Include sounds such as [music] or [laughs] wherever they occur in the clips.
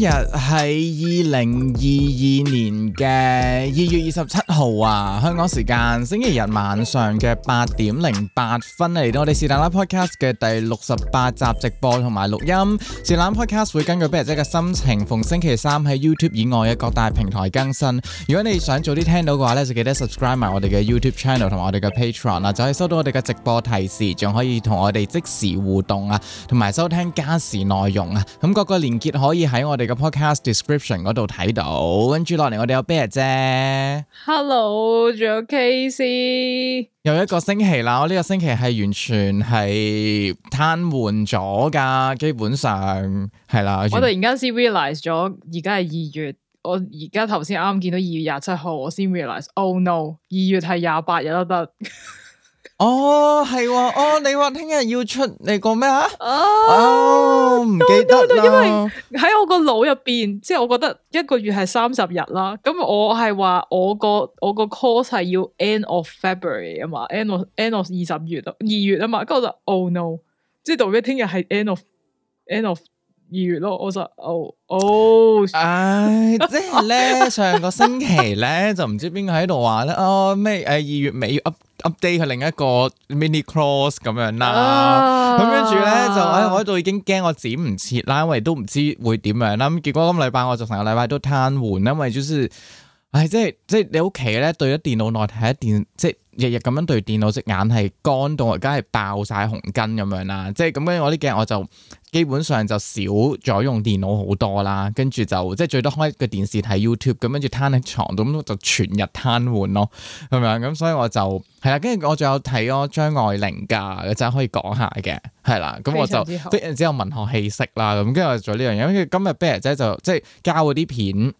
今日喺二零二二年嘅二月二十七號啊，香港時間星期日晚上嘅八點零八分嚟到我哋是但啦 Podcast 嘅第六十八集直播同埋錄音。是但 Podcast 會根據筆者嘅心情，逢星期三喺 YouTube 以外嘅各大平台更新。如果你想早啲聽到嘅話呢，就記得 subscribe 埋我哋嘅 YouTube Channel 同埋我哋嘅 Patreon 啊，就可以收到我哋嘅直播提示，仲可以同我哋即時互動啊，同埋收聽加時內容啊。咁各個連結可以喺我哋個 podcast description 嗰度睇到，跟住落嚟我哋有咩嘢啫？Hello，仲有 KC。又一個星期啦。我呢個星期係完全係癱瘓咗噶，基本上係啦。我突然間先 realize 咗，而家係二月。我而家頭先啱見到二月廿七號，我先 realize。Oh no，二月係廿八日都得。 [laughs] 哦，係喎，哦，哦，你話聽日要出你個咩啊？哦，唔 No, 記得 no, no, no, no, 因為啦。喺我個腦入邊，即係我覺得一個月係三十日啦。咁我係話我個我個 course 係要 end of February 啊嘛 [laughs] ，end of end of 二十月二月啊嘛，咁我就 oh no，即係代表聽日係 end of end of。二月咯，我就哦哦，唉、oh, oh,，uh, 即係咧上個星期咧 [laughs] 就唔知邊個喺度話咧，哦咩誒、呃、二月尾要 up update 佢另一個 mini cross 咁樣啦、啊，咁跟住咧就喺我度已經驚我剪唔切啦，因為都唔知會點樣，咁結果今個禮拜我就成個禮拜都癱瘓，因為就是。唉、嗯，即係即係你屋企咧，對咗電腦內睇電，即係日日咁樣對電腦隻眼係乾到，而家係爆晒紅筋咁樣啦。即係咁樣，樣樣我呢幾日我就基本上就少咗用電腦好多啦。跟住就即係最多開個電視睇 YouTube，咁跟住攤喺床度咁就全日癱瘓咯，係咪啊？咁所以我就係啦。跟住我仲有睇咗張愛玲噶，就係可以講下嘅，係啦。咁我就即然之後文學氣息啦。咁跟住我就做呢樣嘢，跟住今日 Bear 仔就即係交嗰啲片。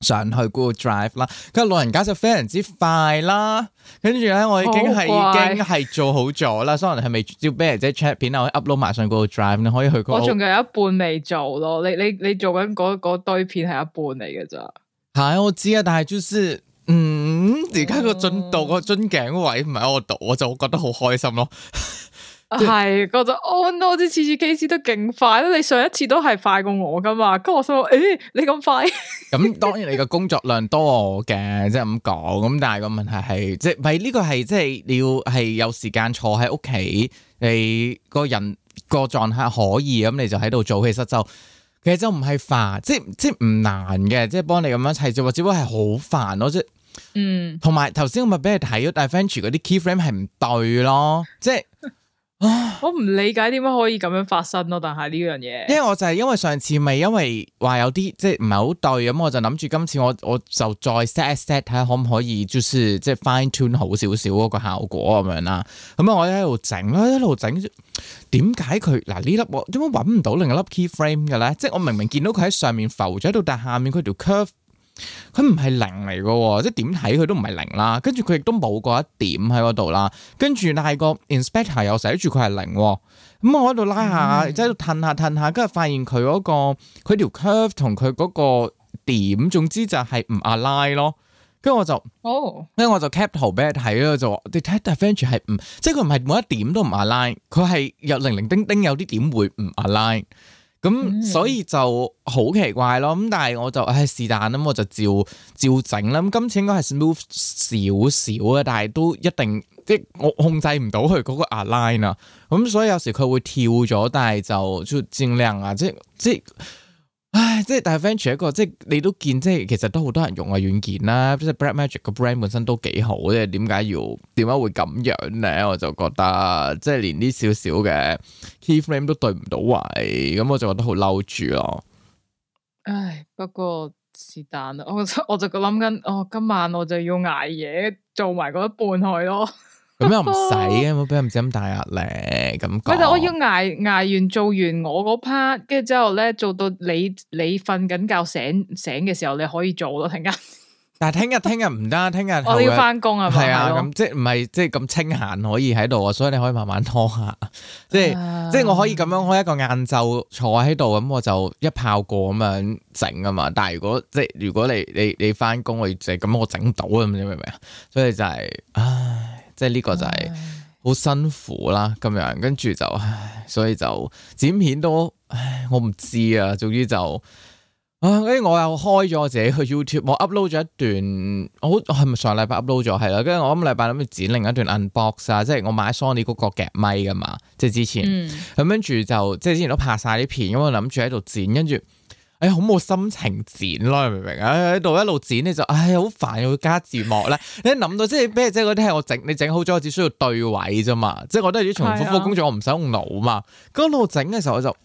上去嗰個 Drive 啦，佢老人家就非常之快啦，跟住咧我已經係已經係做好咗啦，所以係咪要俾阿姐 check 片啊？我 upload 埋上嗰個 Drive，你可以去、那個。我仲有一半未做咯，你你你做緊嗰堆片係一半嚟嘅咋？係我知啊，但係就是嗯，而家、哦、個進度個樽頸位唔係我度，我就覺得好開心咯。 [laughs] 係，嗰陣我知次次機師都勁快咯。你上一次都係快過我噶嘛？咁我想，誒，你咁快，咁 [laughs] 當然你嘅工作量多嘅，即係咁講。咁但係個問題係，即係係呢個係即係你要係有時間坐喺屋企，你個人個狀態可以，咁你就喺度做。其實就其實就唔係煩，即係即係唔難嘅，即係幫你咁樣砌，就話，只不過係好煩咯，即係，嗯。同埋頭先我咪俾你睇咗大番薯嗰啲 key frame 係唔對咯，即係。啊、我唔理解點解可以咁樣發生咯、啊，但係呢樣嘢，因為我就係因為上次咪因為話有啲即係唔係好對，咁我就諗住今次我我就再 set a set 睇下可唔可以就是即係 fine tune 好少少嗰個效果咁樣啦。咁、嗯、啊，我喺度整啦，喺度整，點解佢嗱呢粒我點解搵唔到另一粒 key frame 嘅咧？即係我明明見到佢喺上面浮咗喺度，但係下面佢條 curve。佢唔係零，嚟噶、哦，即係點睇佢都唔係零啦。跟住佢亦都冇過一點喺嗰度啦。跟住但係個 inspector 又寫住佢係零、哦、咁、嗯、我喺度拉下，嗯、即喺度褪下褪下，跟住發現佢嗰、嗰個佢條 curve 同佢嗰個點，總之就係唔 align 咯。跟住我就哦，跟住、oh. 我就 cap 圖俾你睇咯，就 detect difference 係唔即係佢唔係每一點都唔 align，佢係有零零丁丁，丁有啲點，點會唔 align。咁、嗯、 [noise] 所以就好奇怪咯，咁但係我就唉，是但啦，我就照照整啦。咁今次應該係 smooth 少少嘅，但係都一定即係我控制唔到佢嗰個 align 啊。咁、嗯、所以有時佢會跳咗，但係就就盡量啊，即係即係。唉，即係大 venture 一個，即係你都見，即係其實都好多人用嘅軟件啦，即係 Blackmagic 個 brand 本身都幾好，即係點解要點解會咁樣咧？我就覺得即係連呢少少嘅 keyframe 都對唔到位，咁我就覺得好嬲住咯。唉，不過是但啦，我我就諗緊，哦，今晚我就要捱夜做埋嗰一半去咯。咁又唔使嘅，唔好俾人唔止咁大壓力咁、啊。喂！但係我要挨挨完做完我嗰 part，跟住之後咧做到你你瞓緊覺醒醒嘅時候，你可以做咯、啊。聽 [laughs] 日，但係聽日聽日唔得，聽日我要翻工啊。係啊，咁 [laughs] 即係唔係即係咁清閒可以喺度啊？所以你可以慢慢拖下，即係、啊、即係我可以咁樣，我開一個晏晝坐喺度，咁、嗯、我就一炮過咁樣整啊嘛。但係如果即係如果你你你翻工，我就咁我整唔到啊？你明唔明啊？所以就係、是、唉。唉即係呢個就係好辛苦啦，咁樣跟住就，唉，所以就剪片都，唉，我唔知啊。總之就，啊，跟住我又開咗自己去 YouTube，我 upload 咗一段，我係咪上禮拜 upload 咗係啦？跟住我今個禮拜諗住剪另一段 unbox 啊，即係我買 Sony 嗰個夾咪㗎嘛，即係之前，咁跟住就即係之前都拍晒啲片，咁我諗住喺度剪，跟住。哎，好冇心情剪咯，你明唔明？喺、哎、度一路剪，你就唉，好、哎、煩，又要加字幕咧。你諗到即係咩？即係嗰啲係我整，你整好咗，我只需要對位啫嘛。即係我都係啲重複工作，我唔使用腦嘛。咁到整嘅時候，我就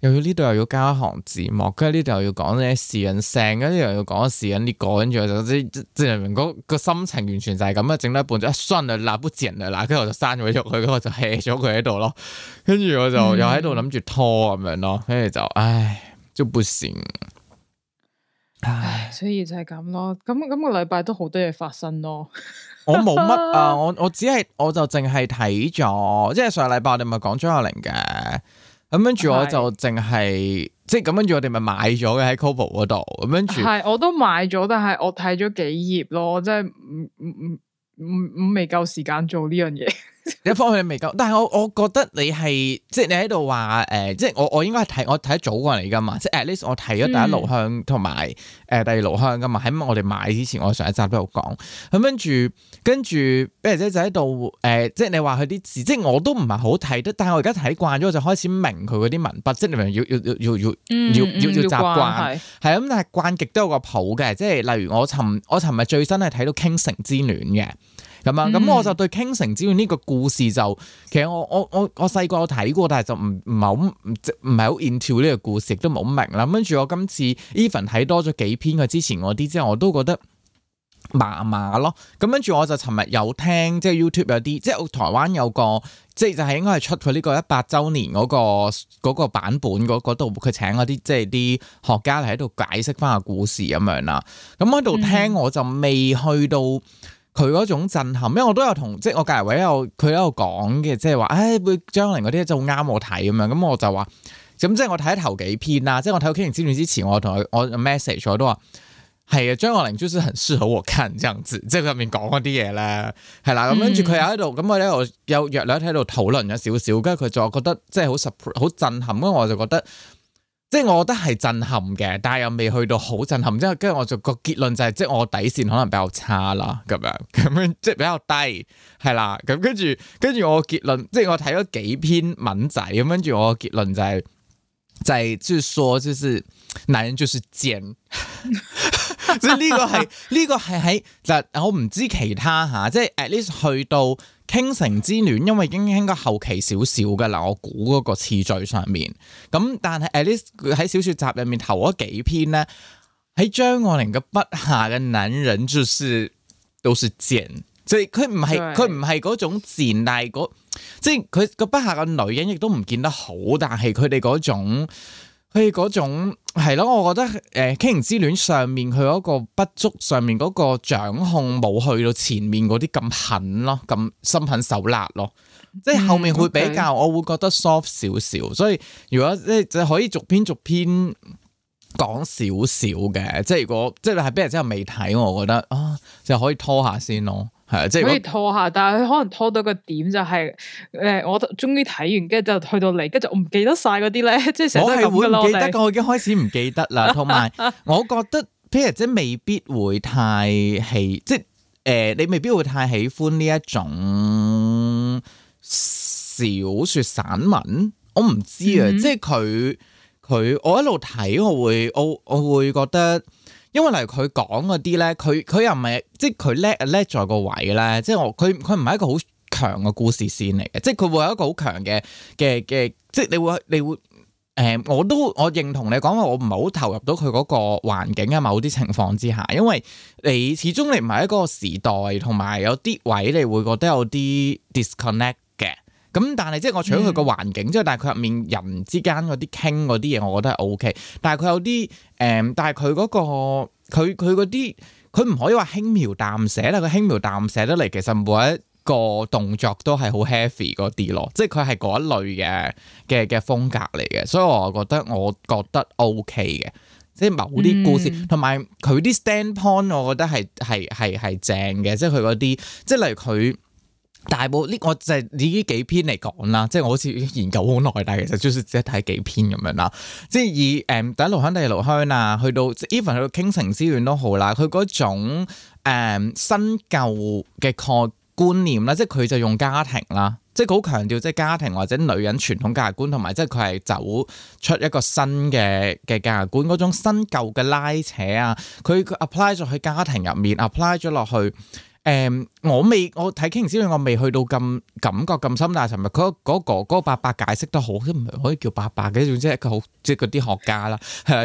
又要呢度又要加一行字幕，跟住呢度又要講啲時人聲，跟住又要講時人呢個，跟住我就知即係明嗰、那個心情完全就係咁啊！整到一半就一信啦，不剪啦，嗱，跟住我就刪咗佢，去，我就卸咗佢喺度咯。跟住我就又喺度諗住拖咁樣咯，跟住就唉。唉唉就不行，唉， 所以就係咁咯。咁咁個禮拜都好多嘢發生咯。 [laughs] 我冇乜啊，我 [laughs] 我只係我就淨係睇咗，即係上個禮拜我哋咪講張愛玲嘅，咁跟住我就淨係即係咁，跟住我哋咪買咗嘅喺 Kobo 嗰度，咁跟住係我都買咗， 但係我睇咗幾頁咯，即係唔唔唔唔未夠時間做呢樣嘢。一方面未夠，但係我我覺得你係即係你喺度話誒，即係我我應該係睇我睇得早啩嚟噶嘛，即係 at least 我睇咗第一爐香同埋誒第二爐香噶嘛，喺我哋買之前我上一集都有講，咁跟住跟住，比如就喺度誒，即係你話佢啲字，即係我都唔係好睇得，但係我而家睇慣咗，我就開始明佢嗰啲文筆，即係要要要要要要要習慣，係咁、嗯，但係慣極都有個譜嘅，即係例如我尋我尋日最新係睇到傾城之戀嘅。咁啊，咁、嗯、我就對《傾城之戀》呢、這個故事就，其實我我我我細個有睇過，但係就唔唔冇唔唔係好 into 呢個故事，亦都冇明啦。跟住我今次 even 睇多咗幾篇佢之前嗰啲之後，我都覺得麻麻咯。咁跟住我就尋日有聽即係 YouTube 有啲，即係台灣有個即係就係應該係出佢呢、這個一百週年嗰、那個那個版本嗰度，佢、那個、請嗰啲即係啲學家嚟喺度解釋翻個故事咁樣啦。咁喺度聽我就未去到。嗯佢嗰種震撼，因為我都有同，即係我隔籬位有佢喺度講嘅，即係話，誒、就是哎，張愛玲嗰啲就啱我睇咁樣，咁我就話，咁即係我睇頭幾篇啦，即係我睇到《傾城之戀》之前，我同佢，我 message 我都話係啊，張愛玲就係很適合我看，樣子，即係入面講嗰啲嘢咧，係啦，咁跟住佢又喺度，咁我咧我有約兩喺度討論咗少少，跟住佢就覺得即係好好震撼，咁我就覺得。即係我覺得係震撼嘅，但係又未去到好震撼，即係跟住我就個結論就係，即係我底線可能比較差啦，咁樣咁樣即係、就是、比較低，係啦，咁跟住跟住我結論，即係我睇咗幾篇文仔，咁跟住我結論就係、是、就係即係說，即是男人就是賤，所以呢個係呢、個係喺，嗱、就是，我唔知其他吓，即、啊、係、就是、at least 去到。傾城之戀，因為已經傾個後期少少嘅啦，我估嗰個次序上面咁，但係 a l 喺小說集入面頭嗰幾篇咧，喺張愛玲嘅筆下嘅男人就是都是賤對，所以佢唔係佢唔係嗰種賤，但係嗰即係佢個筆下嘅女人亦都唔見得好，但係佢哋嗰種。佢嗰種係咯，我覺得誒《傾城之戀》上面佢嗰個不足上面嗰個掌控冇去到前面嗰啲咁狠咯，咁心狠手辣咯，即係後面會比較，嗯 okay. 我會覺得 soft 少少。所以如果即係可以逐篇逐篇講少少嘅，即係如果即係你係畀人之後未睇，我覺得啊，就可以拖下先咯。係、啊、即係可以拖下，但係佢可能拖到個點就係、是，誒、呃，我終於睇完，跟住就去到嚟，跟住我唔記, [laughs] 記得晒嗰啲咧，即係成日咁嘅咯。我係會記得，我已經開始唔記得啦。同埋，我覺得譬如即係未必會太喜，即係誒、呃，你未必會太喜歡呢一種小說散文。我唔知啊，嗯、即係佢佢，我一路睇，我會我我會覺得。因為嚟佢講嗰啲咧，佢佢又唔係即係佢叻叻在個位咧，即係我佢佢唔係一個好強嘅故事線嚟嘅，即係佢會有一個好強嘅嘅嘅，即係你會你會誒、呃，我都我認同你講話，我唔係好投入到佢嗰個環境嘅某啲情況之下，因為你始終你唔係一個時代，同埋有啲位你會覺得有啲 disconnect。咁但係即係我除咗佢個環境之外 Yeah. 但係佢入面人之間嗰啲傾嗰啲嘢，我覺得係 O K。但係佢有啲誒、嗯，但係佢嗰個佢佢嗰啲佢唔可以話輕描淡寫啦。佢輕描淡寫得嚟，其實每一個動作都係好 heavy 嗰啲咯。即係佢係嗰一類嘅嘅嘅風格嚟嘅，所以我覺得我覺得 O K 嘅。即係某啲故事同埋佢啲、mm. standpoint，我覺得係係係係正嘅。即係佢嗰啲，即係例如佢。大部呢，我就以呢幾篇嚟講啦，即係我好似研究好耐，但係其實 just 只係睇幾篇咁樣啦。即係以誒、嗯、第一爐香、第二爐香啊，去到 even 去到傾城之戀都好啦，佢嗰種、嗯、新舊嘅概觀念啦，即係佢就用家庭啦，即係佢好強調即係家庭或者女人傳統價值觀，同埋即係佢係走出一個新嘅嘅價值觀嗰種新舊嘅拉扯啊，佢 apply 咗喺家庭入面，apply 咗落去。誒、嗯，我未我睇《傾城之戀》，我未去到咁感覺咁深，但係尋日佢嗰個嗰、嗰個伯伯解釋得好，即係唔可以叫伯伯嘅，總之係佢好即係嗰啲學家啦，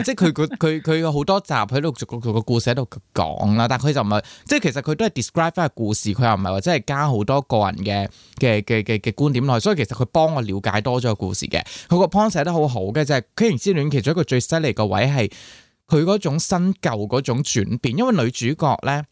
即係佢佢佢佢好多集喺度逐個故事喺度講啦，但係佢就唔係，即係其實佢都係 describe 翻個故事，佢又唔係話真係加好多個人嘅嘅嘅嘅嘅觀點落去，所以其實佢幫我了解多咗個故事嘅，佢個 point 寫得好好嘅，就係、係《傾城之戀》其中一個最犀利個位係佢嗰種新舊嗰種轉變，因為女主角咧。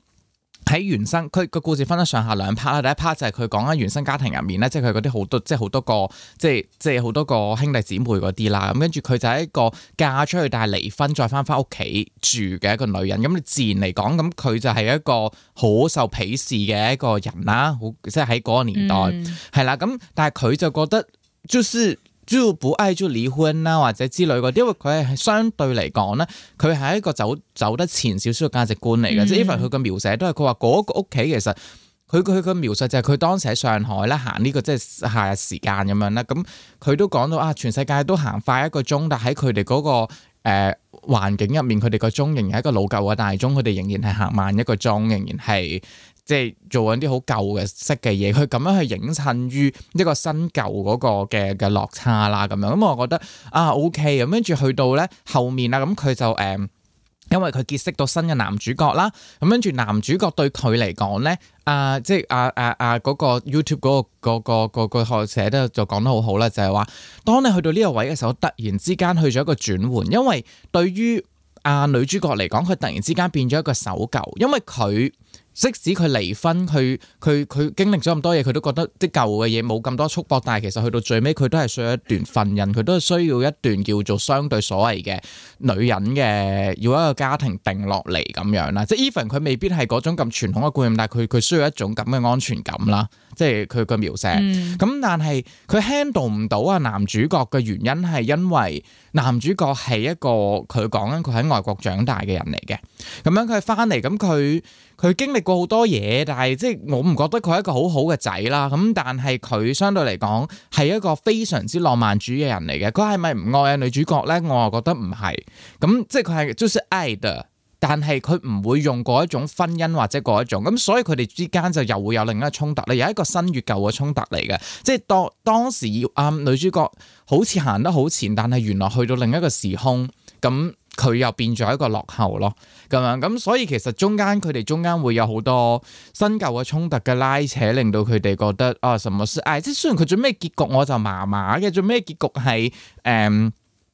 喺原生佢個故事分咗上下兩 part 啦，第一 part 就係佢講喺原生家庭入面咧，即係佢嗰啲好多，即係好多個，即係即係好多個兄弟姊妹嗰啲啦。咁跟住佢就係一個嫁出去但係離婚再翻翻屋企住嘅一個女人。咁你自然嚟講，咁佢就係一個好受鄙視嘅一個人啦。好即係喺嗰個年代係啦。咁、嗯、但係佢就覺得就是。朱寶、艾朱、離婚啦，或者之類嗰啲，因為佢係相對嚟講咧，佢係一個走走得前少少嘅價值觀嚟嘅，mm hmm. 這個。即係因為佢嘅描寫都係佢話嗰個屋企其實佢佢佢描述就係佢當時喺上海咧，行呢個即係夏日時間咁樣咧，咁、嗯、佢都講到啊，全世界都行快一個鐘，但喺佢哋嗰個誒、呃、環境入面，佢哋個鐘仍然係一個老舊嘅大鐘，佢哋仍然係行慢一個鐘，仍然係。即係做緊啲好舊嘅式嘅嘢，佢咁樣去影襯於一個新舊嗰個嘅嘅落差啦，咁樣咁、嗯、我覺得啊 OK，咁跟住去到咧後面啦，咁、嗯、佢就誒、嗯，因為佢結識到新嘅男主角啦，咁跟住男主角對佢嚟講咧，啊即係啊啊啊嗰、那個 YouTube 嗰、那個嗰、那個嗰、那個那個學寫得就講得好好啦，就係、是、話，當你去到呢個位嘅時候，突然之間去咗一個轉換，因為對於啊女主角嚟講，佢突然之間變咗一個守舊，因為佢。即使佢離婚，佢佢佢經歷咗咁多嘢，佢都覺得啲舊嘅嘢冇咁多束縛。但係其實去到最尾，佢都係需要一段婚姻，佢都係需要一段叫做相對所謂嘅女人嘅要一個家庭定落嚟咁樣啦。即係 even 佢未必係嗰種咁傳統嘅觀念，但係佢佢需要一種咁嘅安全感啦。即係佢嘅描寫。咁、嗯、但係佢 handle 唔到啊男主角嘅原因係因為。男主角係一個佢講緊，佢喺外國長大嘅人嚟嘅，咁樣佢翻嚟，咁佢佢經歷過好多嘢，但係即係我唔覺得佢係一個好好嘅仔啦。咁但係佢相對嚟講係一個非常之浪漫主義嘅人嚟嘅。佢係咪唔愛啊女主角咧？我係覺得唔係。咁即係佢係就是愛的。但係佢唔會用過一種婚姻或者過一種，咁所以佢哋之間就又會有另一個衝突咧，有一個新與舊嘅衝突嚟嘅。即係當當時要啱、呃、女主角好似行得好前，但係原來去到另一個時空，咁佢又變咗一個落後咯，咁樣咁。所以其實中間佢哋中間會有好多新舊嘅衝突嘅拉扯，令到佢哋覺得啊、哦，什麼事？誒、哎，即雖然佢做咩結局我就麻麻嘅，做咩結局係誒，佢、嗯、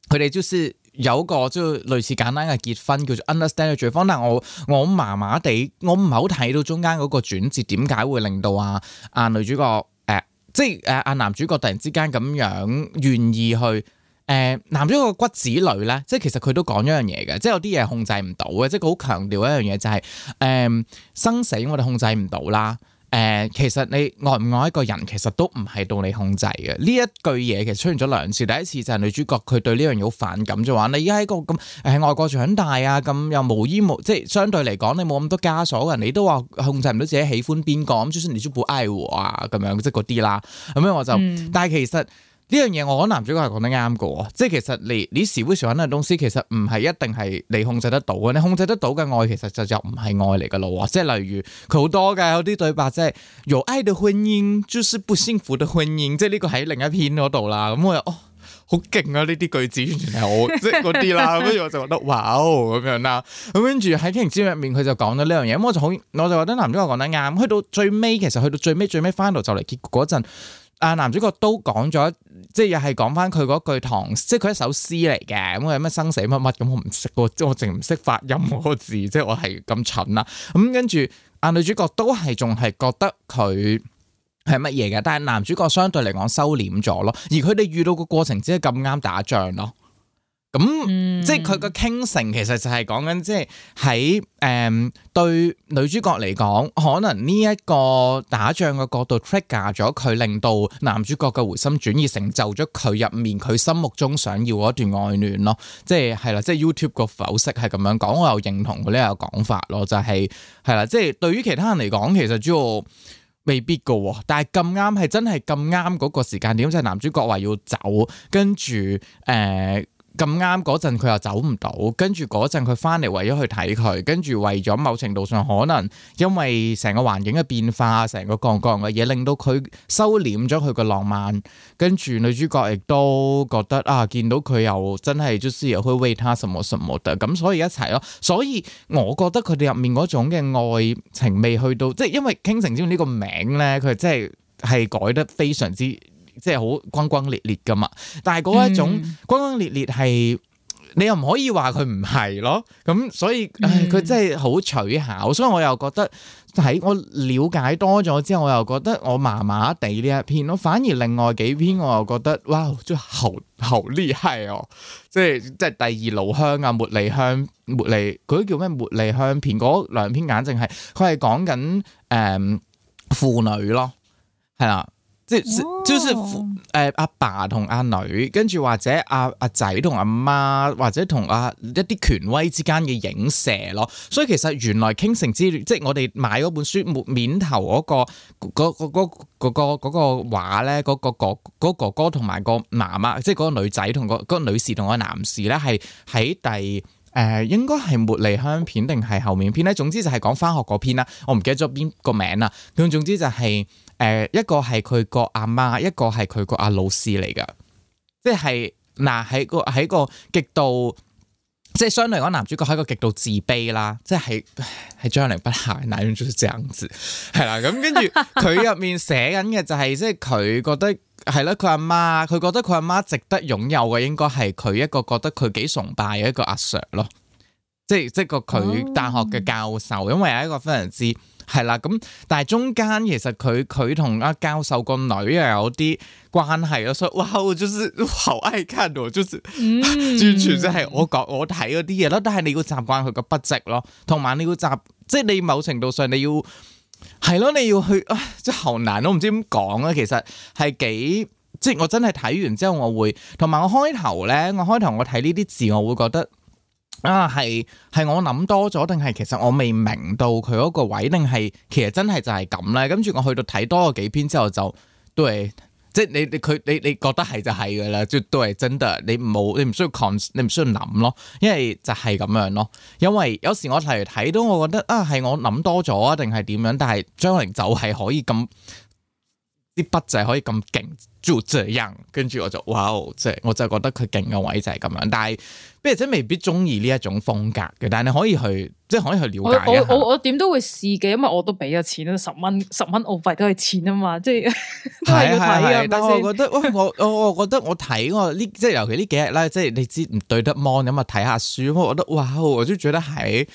哋就是。有個即係類似簡單嘅結婚叫做 understanding 方，但我我麻麻地，我唔係好睇到中間嗰個轉折點解會令到啊啊女主角誒、呃、即係誒啊男主角突然之間咁樣願意去誒、呃、男主角個骨子裡咧，即係其實佢都講咗一樣嘢嘅，即係有啲嘢控制唔到嘅，即係佢好強調一樣嘢就係、是、誒、呃、生死我哋控制唔到啦。誒、呃，其實你愛唔愛一個人，其實都唔係到你控制嘅。呢一句嘢其實出現咗兩次，第一次就係女主角佢對呢樣嘢好反感嘅話，就你而家喺個咁喺、呃、外國長大啊，咁又無依無，即係相對嚟講你冇咁多枷鎖嘅人，你都話控制唔到自己喜歡邊個咁，就算你都唔愛我啊，咁樣即係嗰啲啦。咁樣我就，嗯、但係其實。呢樣嘢，我得男主角係講得啱嘅喎，即係其實你你社會想可能東西其實唔係一定係你控制得到嘅，你控制得到嘅愛其實就就唔係愛嚟嘅咯，即係例如佢好多嘅有啲對白即係有愛的婚姻就是 ang, just 不幸福的婚姻，即係呢個喺另一篇嗰度啦。咁我又哦好勁啊，呢啲句子完全係我即係嗰啲啦，跟、就、住、是、 [laughs] 我就覺得哇、wow、咁樣啦，咁跟住喺《傾情之入面佢就講咗呢樣嘢，咁我就好我就覺得男主角講得啱。去到最尾其實去到最尾最尾翻到就嚟結局嗰陣。啊！男主角都講咗，即係又係講翻佢嗰句唐，即係佢一首詩嚟嘅。咁佢有乜生死乜乜咁，我唔識，即我淨唔識發音嗰字，即係我係咁蠢啦。咁跟住，啊女主角都係仲係覺得佢係乜嘢嘅，但係男主角相對嚟講收斂咗咯。而佢哋遇到個過程只係咁啱打仗咯。咁、嗯、即係佢個傾城，其實就係講緊，即係喺誒對女主角嚟講，可能呢一個打仗嘅角度 trigger 咗佢，令到男主角嘅回心轉意，成就咗佢入面佢心目中想要嗰段愛戀咯。即係係啦，即係、就是、YouTube 個剖析係咁樣講，我又認同佢呢個講法咯，就係係啦。即係、就是、對於其他人嚟講，其實主要未必噶，但係咁啱係真係咁啱嗰個時間點，就係男主角話要走，跟住誒。呃咁啱嗰陣佢又走唔到，跟住嗰陣佢翻嚟為咗去睇佢，跟住為咗某程度上可能因為成個環境嘅變化，成個剛剛嘅嘢令到佢收斂咗佢嘅浪漫，跟住女主角亦都覺得啊，見到佢又真係 just 又去為他什麼什麼的，咁、啊、所以一齊咯。所以我覺得佢哋入面嗰種嘅愛情未去到，即係因為《傾城之戀》呢個名咧，佢真係係改得非常之。即係好轟轟烈烈噶嘛，但係嗰一種轟轟烈烈係、嗯、你又唔可以話佢唔係咯，咁、嗯嗯、所以佢真係好取巧，所以我又覺得喺我了解多咗之後，我又覺得我麻麻地呢一篇咯，反而另外幾篇我又覺得哇，真係好真好厲害哦！即係即係第二爐香啊，茉莉香茉莉佢叫咩？茉莉香片嗰兩篇簡直係佢係講緊誒婦女咯，係啦。即係，誒，阿爸同阿女，跟住或者阿阿仔同阿媽，或者同阿一啲權威之間嘅影射咯。所以其實原來傾城之戀，即係我哋買嗰本書，末面頭嗰、嗰個嗰嗰嗰嗰個嗰、嗰個畫咧，嗰、嗰個嗰個嗰個哥哥哥同埋個媽媽，即係嗰個女仔同個嗰女士同個男士咧，係喺第誒，應該係茉莉香片定係後面篇咧。總之就係講返學嗰篇啦，我唔記得咗邊個名啦。咁總之就係、是。誒，一個係佢個阿媽，一個係佢個阿老師嚟噶，即係嗱喺個喺個極度，即係相對嚟講男主角係一個極度自卑啦，即係喺將嚟不鞋難做正字係啦，咁 [laughs] 跟住佢入面寫緊嘅就係、是、即係佢覺得係咯，佢阿媽佢覺得佢阿媽值得擁有嘅應該係佢一個覺得佢幾崇拜嘅一個阿 sir 咯，即係即係個佢大學嘅教授，因為係一個非常之。係啦，咁但係中間其實佢佢同阿教授個女又有啲關係咯，所以哇，我就是好愛、就是就是嗯、看咯，就完全真係我講我睇嗰啲嘢咯。但係你要習慣佢個筆跡咯，同埋你要習，即係你某程度上你要係咯，你要去即係好難，都唔知點講啊。其實係幾，即係我真係睇完之後我會，同埋我開頭咧，我開頭我睇呢啲字我會覺得。啊，係係我諗多咗，定係其實我未明到佢嗰個位，定係其實真係就係咁咧。跟住我去到睇多咗幾篇之後就，就都係即係你你佢你你覺得係就係㗎喇，即係都係真的。你冇你唔需要 con 你唔需要諗咯，因為就係咁樣咯。因為有時我係睇到我覺得啊，係我諗多咗啊，定係點樣？但係張愛玲就係可以咁。啲筆仔可以咁勁做字音，跟住我就哇、哦，即係我就覺得佢勁嘅位就係咁樣。但係，不如真未必中意呢一種風格嘅，但係你可以去，即係可以去了解。我我點都會試嘅，因為我都俾咗錢啦，十蚊十蚊澳幣都係錢啊嘛，即係都係要但係我覺得，哎、我我我覺得我睇我呢，即係尤其呢幾日啦，即係你知唔對得 mon 咁啊，睇下書，我覺得哇，我都覺得係。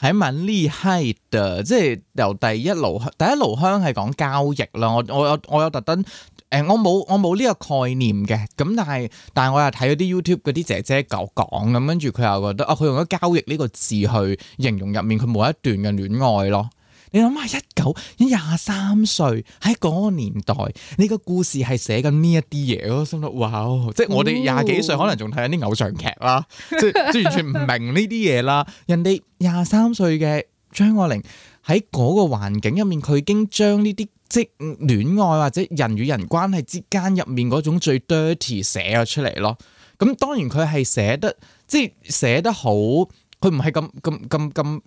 喺文呢，係嘅，即係由第一爐，第一爐香係講交易啦。我我有我，我有特登，誒、呃、我冇我冇呢個概念嘅，咁但係，但係我又睇嗰啲 YouTube 嗰啲姐姐講講，咁，跟住佢又覺得哦，佢用咗交易呢個字去形容入面佢每一段嘅戀愛咯。你諗下，一九廿三歲喺嗰個年代，你個故事係寫緊呢一啲嘢咯。我心諗哇哦，即係我哋廿幾歲，可能仲睇緊啲偶像劇啦， [laughs] 即即完全唔明呢啲嘢啦。人哋廿三歲嘅張愛玲喺嗰個環境入面，佢已經將呢啲即係戀愛或者人與人關係之間入面嗰種最 dirty 寫咗出嚟咯。咁當然佢係寫得即係寫得好，佢唔係咁咁咁咁。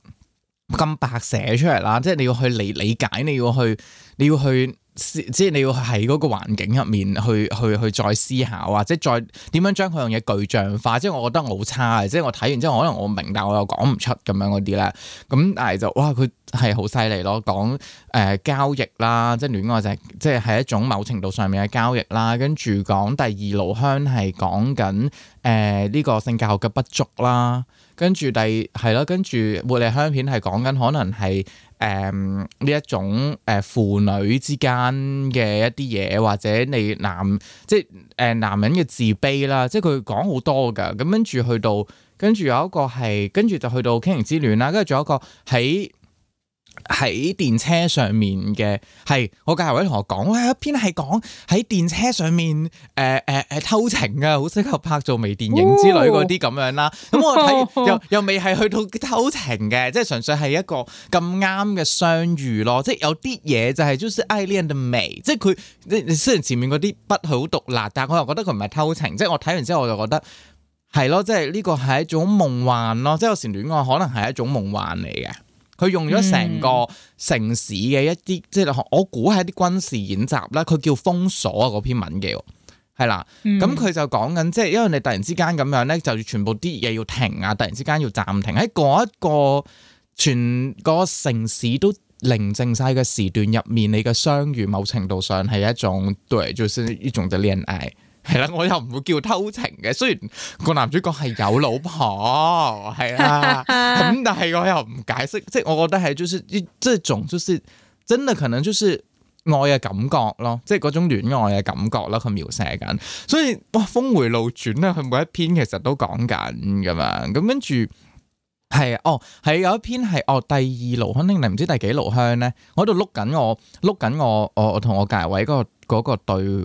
咁白寫出嚟啦，即係你要去理理解，你要去，你要去思，即係你要喺嗰個環境入面去，去，去再思考，啊。即係再點樣將佢樣嘢具象化。即係我覺得好差啊。即係我睇完之後，可能我明白，但我又講唔出咁樣嗰啲咧。咁但係就哇，佢係好犀利咯，講誒、呃、交易啦，即係戀愛就係、是、即係係一種某程度上面嘅交易啦。跟住講第二爐香係講緊誒呢個性教育嘅不足啦。跟住第係咯，跟住茉莉香片係講緊可能係誒呢一種誒、呃、父女之間嘅一啲嘢，或者你男即係誒、呃、男人嘅自卑啦，即係佢講好多噶。咁跟住去到跟住有一個係跟住就去到傾城之戀啦，跟住仲有一個喺。喺電車上面嘅係，我嘅另一位同學講，有一篇係講喺電車上面誒誒誒偷情啊，好適合拍做微電影之類嗰啲咁樣啦。咁、哦、我睇又 [laughs] 又未係去到偷情嘅，即係純粹係一個咁啱嘅相遇咯。即係有啲嘢就係 just alien 的美，即係佢你雖然前面嗰啲不好獨立，但係我又覺得佢唔係偷情。即係我睇完之後，我就覺得係咯，即係呢個係一種夢幻咯。即係有時戀愛可能係一種夢幻嚟嘅。佢用咗成個城市嘅一啲，即係、嗯、我估係啲軍事演習啦。佢叫封鎖嗰篇文嘅，係啦。咁佢、嗯、就講緊，即係因為你突然之間咁樣咧，就全部啲嘢要停啊，突然之間要暫停喺嗰一個全個城市都寧靜晒嘅時段入面，你嘅相遇某程度上係一種對住先呢種嘅戀愛。係啦，我又唔會叫偷情嘅，雖然個男主角係有老婆，係啦，咁 [laughs] 但係我又唔解釋，即係我覺得係，就是呢這種，就是真係可能就是愛嘅感覺咯，即係嗰種戀愛嘅感覺啦，佢描寫緊，所以哇峰回路轉啦，佢每一篇其實都講緊㗎嘛，咁跟住。係啊，哦，係有一篇係哦第二爐，肯定你唔知第幾爐香咧？我喺度碌緊我碌緊我我我同我隔籬位嗰、嗰個嗰、嗰個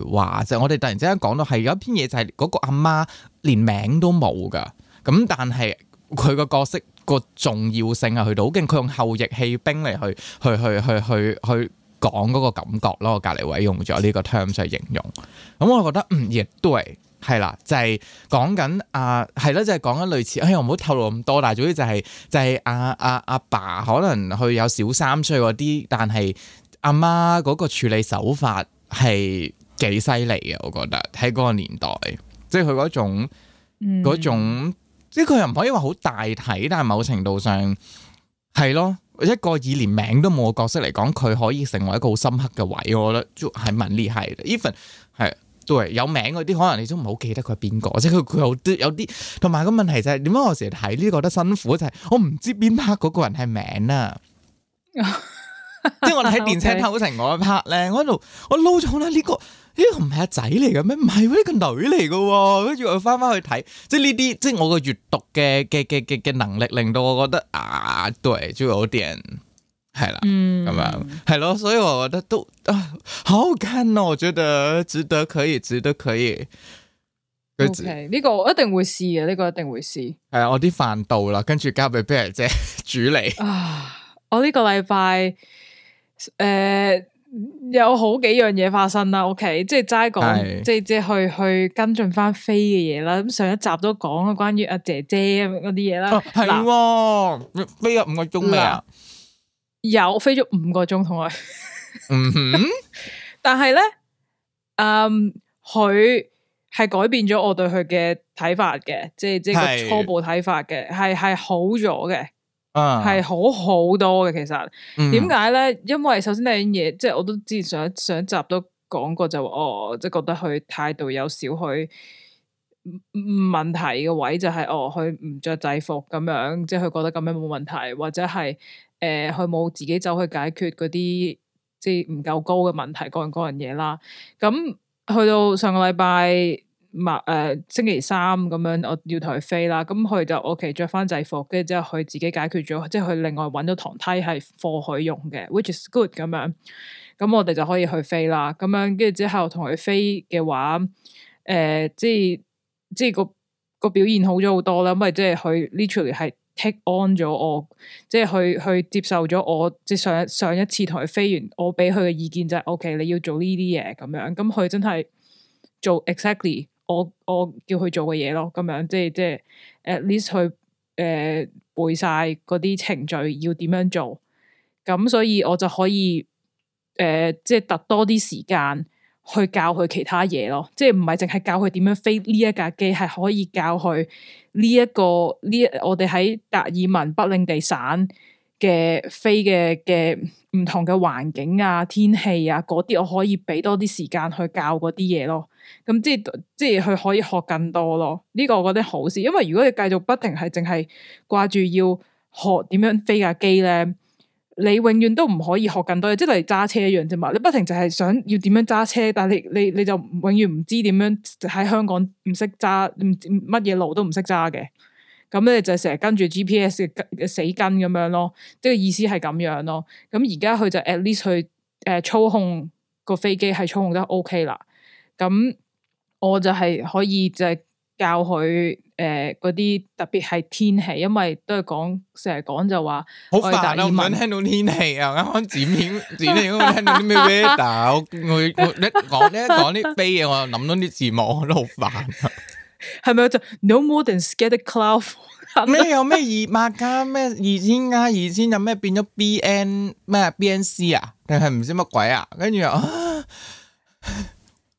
對話即係，我哋突然之間講到係有一篇嘢，就係嗰個阿媽連名都冇噶，咁但係佢個角色個重要性啊去到，好勁，佢用後翼棄兵嚟去去去去去講嗰個感覺咯。我隔籬位用咗呢個 terms 嚟形容，咁、嗯、我覺得嗯亦都係。係啦，就係講緊啊係咯，就係講緊類似，哎，我唔好透露咁多，但係總之就係、是、就係阿阿阿爸，爸可能佢有小三，所以嗰啲，但係阿媽嗰個處理手法係幾犀利嘅，我覺得喺嗰個年代，即係佢嗰種種，種嗯、即係佢又唔可以話好大體，但係某程度上係咯，一個以連名都冇嘅角色嚟講，佢可以成為一個好深刻嘅位，我覺得就係蠻厲害嘅 even 對，有名嗰啲，可能你都唔好記得佢係邊個，即係佢佢有啲有啲，同埋個問題就係點解我成日睇呢個覺得辛苦就係、是、我唔知邊 part 嗰個人係名啊！ [laughs] [laughs] 即係我哋喺電車偷情嗰 part 咧，我喺度我撈咗好啦呢個，咦唔係阿仔嚟嘅咩？唔係喎，呢個女嚟噶喎，跟住我翻翻去睇，即係呢啲即係我個閱讀嘅嘅嘅嘅嘅能力，令到我覺得啊，對，即有啲人。係啦，咁啊、嗯，係咯、嗯嗯，所以我覺得都啊，好好看咯，我覺得值得，可以，值得，可以。呢個我一定會試嘅，呢個一定會試。係、這個、啊，我啲飯到啦，跟住交俾啤啤姐煮嚟。啊，我呢個禮拜誒有好幾樣嘢發生、okay? 對啦。O K，即係齋講，即係即係去去跟進翻飛嘅嘢啦。咁上一集都講咗關於阿姐姐嗰啲嘢啦。係，飛咗五個鐘咩？啊？有飛咗五個鐘同佢，hmm. [laughs] 但係咧，嗯，佢係改變咗我對佢嘅睇法嘅，即係即係初步睇法嘅，係係是好咗嘅，係、uh. 好好多嘅。其實點解咧？為呢 mm hmm. 因為首先呢樣嘢，即係我都之前想上上集都講過就，哦，即係覺得佢態度有少許問題嘅位就係、是，哦，佢唔着制服咁樣，即係佢覺得咁樣冇問題，或者係。誒，佢冇、呃、自己走去解決嗰啲即係唔夠高嘅問題，各樣各樣嘢啦。咁、嗯、去到上個禮拜，麥誒、呃、星期三咁樣，我要同佢飛啦。咁、嗯、佢就 O K 着返制服，跟住之後佢自己解決咗，即係佢另外揾咗堂梯係 for 佢用嘅，which is good 咁樣。咁、嗯、我哋就可以去飛啦。咁樣跟住之後同佢飛嘅話，誒、呃，即係即係個個表現好咗好多啦。咁咪即係佢 literally 係。take on 咗我，即係佢佢接受咗我，即上一上一次同佢飛完，我俾佢嘅意見就係、是、OK, okay 你要做呢啲嘢咁樣，咁佢真係做 exactly，我我叫佢做嘅嘢咯，咁樣，樣，樣即係即係 at least 佢誒背晒嗰啲程序要點樣做，咁所以我就可以誒、呃，即係揼多啲時間。去教佢其他嘢咯，即係唔係淨係教佢點樣飛呢一架機，係可以教佢呢一個呢，我哋喺達爾文北領地省嘅飛嘅嘅唔同嘅環境啊、天氣啊嗰啲，我可以俾多啲時間去教嗰啲嘢咯。咁、嗯、即係即係佢可以學更多咯。呢、呢個我覺得好事，因為如果你繼續不停係淨係掛住要學點樣飛架機咧，你永遠都唔可以學更多嘢，即係例如揸車一樣啫嘛！你不停就係想要點樣揸車，但係你你你就永遠唔知點樣喺香港唔識揸，乜嘢路都唔識揸嘅。咁你就成日跟住 GPS 死跟咁樣咯，即係意思係咁樣咯。咁而家佢就 at least 去誒、呃、操控個飛機係操控得 OK 啦。咁我就係可以就係教佢。誒，嗰啲、呃、特別係天氣，因為都係講成日講就話好煩啊！我唔聽到天氣啊，啱啱剪片剪片我聽到咩咩 w 我我一講咧講啲飛嘢，我諗到啲字幕我都好煩啊！係咪就 no more than scattered cloud. [laughs] s c t c l o u d 咩有咩二萬加咩二千加、啊、二千、啊，有咩、啊、變咗 B N 咩 B N C 啊？定係唔知乜鬼啊？跟住啊～啊